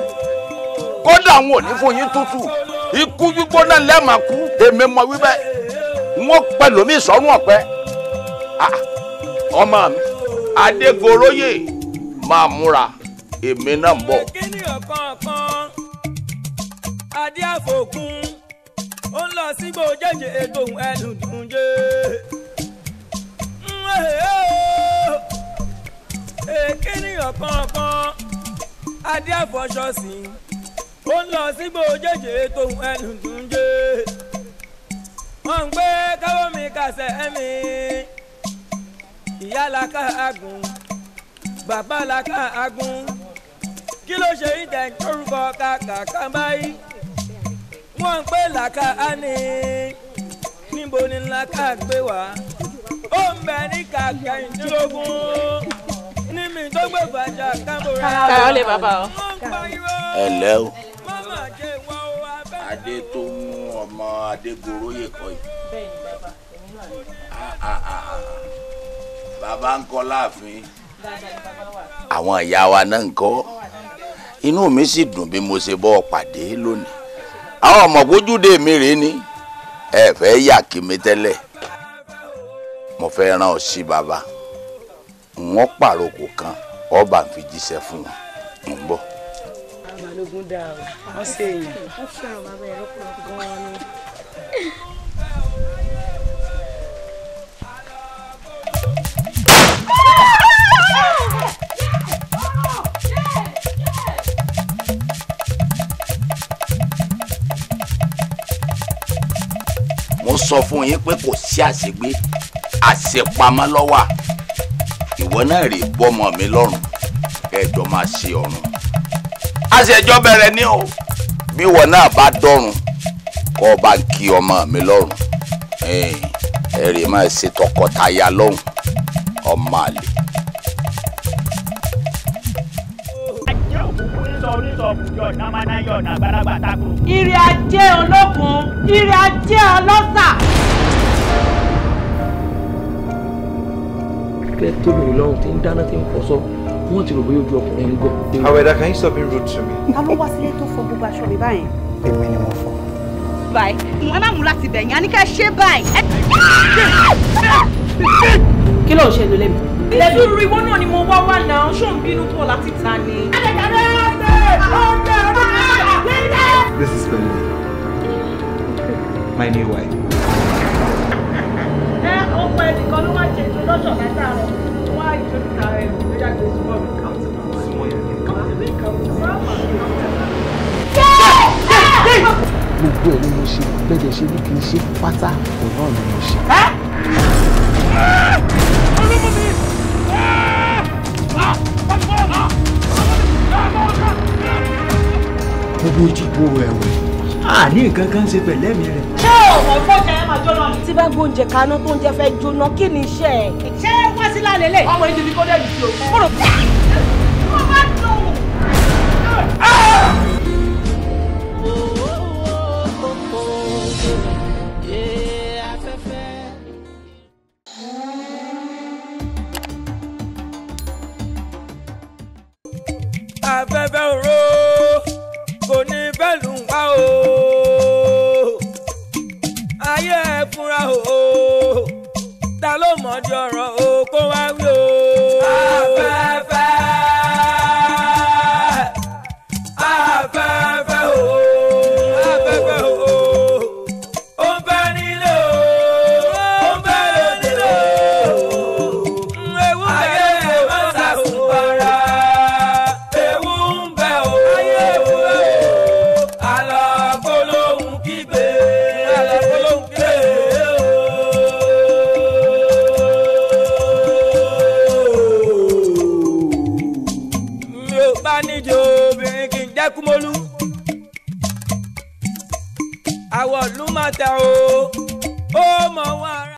kódà àwọn òní fún yín tútù ikú gbígbóná lẹ́ẹ̀ma kú èmi mọ wíwẹ́ wọ́n pẹ̀lú mi ọ̀pẹ́ ọmọ mi adégoróyè máa múra èmi náà èké níyàn kọ̀ọ̀kan adé àfọ̀ṣọ́sì ó ń lọ sígbó jẹ́jẹ́ tóun ẹnu tún jẹ́ wọ́n ń gbé káwọ́ mi kàṣẹ ẹ̀mí ìyá la ká agùn bàbá la ká agùn kí ló ṣe yín tẹ̀ ń torúkọ báyìí wọ́n ń pè làkà á níbo ni làkà gbé wá ó ń bẹ ní kàkà ìdílógún mi tó gbé bàjá kámúra. kára bàbá o. ẹ o adé tó mú ọmọ adégoróyè kọ yìí. Ah, ah, ah, bàbá ń kọ́ láàfin. àwọn ìyá wa náà ń kọ́ inú mi sì dùn bí mo ṣe bọ́ pàdé lónìí àwọn ọmọ gbójúde mi rèé ni ẹ fẹ́ yà kí mi tẹ́lẹ̀ mo fẹ́ rán ọ sí bàbá wọ́n pàrokò kan ọba ń fi jíṣẹ́ fún wọn ń bọ̀. balógun dáa o wọ́n ṣe èèyàn. wọ́n fẹ́ràn bàbá ẹ̀rọ pọ̀ gan-an ni. mo sọ fún yín pé kò sí àṣegbé àṣepamọ́ ló wà ìwọ náà rè bọ́mọ mi lọ́rùn kẹjọ máa ṣe ọ̀run a sì ẹjọ́ bẹ̀rẹ̀ ní o bí ìwọ náà bá dọ́run kọ́ ọ bá ń kí ọmọ mi lọ́rùn ẹ̀rì máa ṣe tọkọtaya lọ́hùn ọmọ àlè. ìrìn ajé olókun ìrìn ajé ọlọ́sà. pẹ́ tó lórí lọ́rùn tí ń dáná tí ń fọṣọ wọ́n ti rò bóyá ojú ọkùnrin ń gọ̀. Àwẹ̀dà can you stop being rude to me? ta ló wá sílé tó fọ gbogbo aṣọ mi báyìí. èmi ni mo fọ. báyìí ẹ má mú láti bẹ̀yìn àníkà ṣe báyìí. kí ló ń ṣe lólè mi. nítorí ìwọ náà ni mo wá wá náà ṣó ń bínú pọ̀ láti ta ni. This is Melanie, my new wife ọ̀pọ̀ ẹnìkan ló wá jẹ introduction látàárọ̀ wá ìjọba rẹ̀ ló yàgbé súnmọ́ mi kàwé súnmọ́ mi kàwé mi kàwé súnmọ́ mi kàwé gbogbo ẹ̀ ni mo ṣe bẹ́ẹ̀ ṣe ní kì í ṣe pátá òun ni mo ṣe. gbogbo ojúbọ ẹ̀wẹ̀ a nǹkan kan ṣe pẹ̀lẹ́mì rẹ̀. ṣé o mọ̀ fọ́jà máa jóná ni. tí bá gbóúnjẹ kaná tó ń jẹ fẹ́ jóná kí ni iṣẹ́ ẹ̀. ṣé wá sí lálẹ́ lẹ̀. ọmọ ìdílé kọ́dẹ̀ yìí ti o.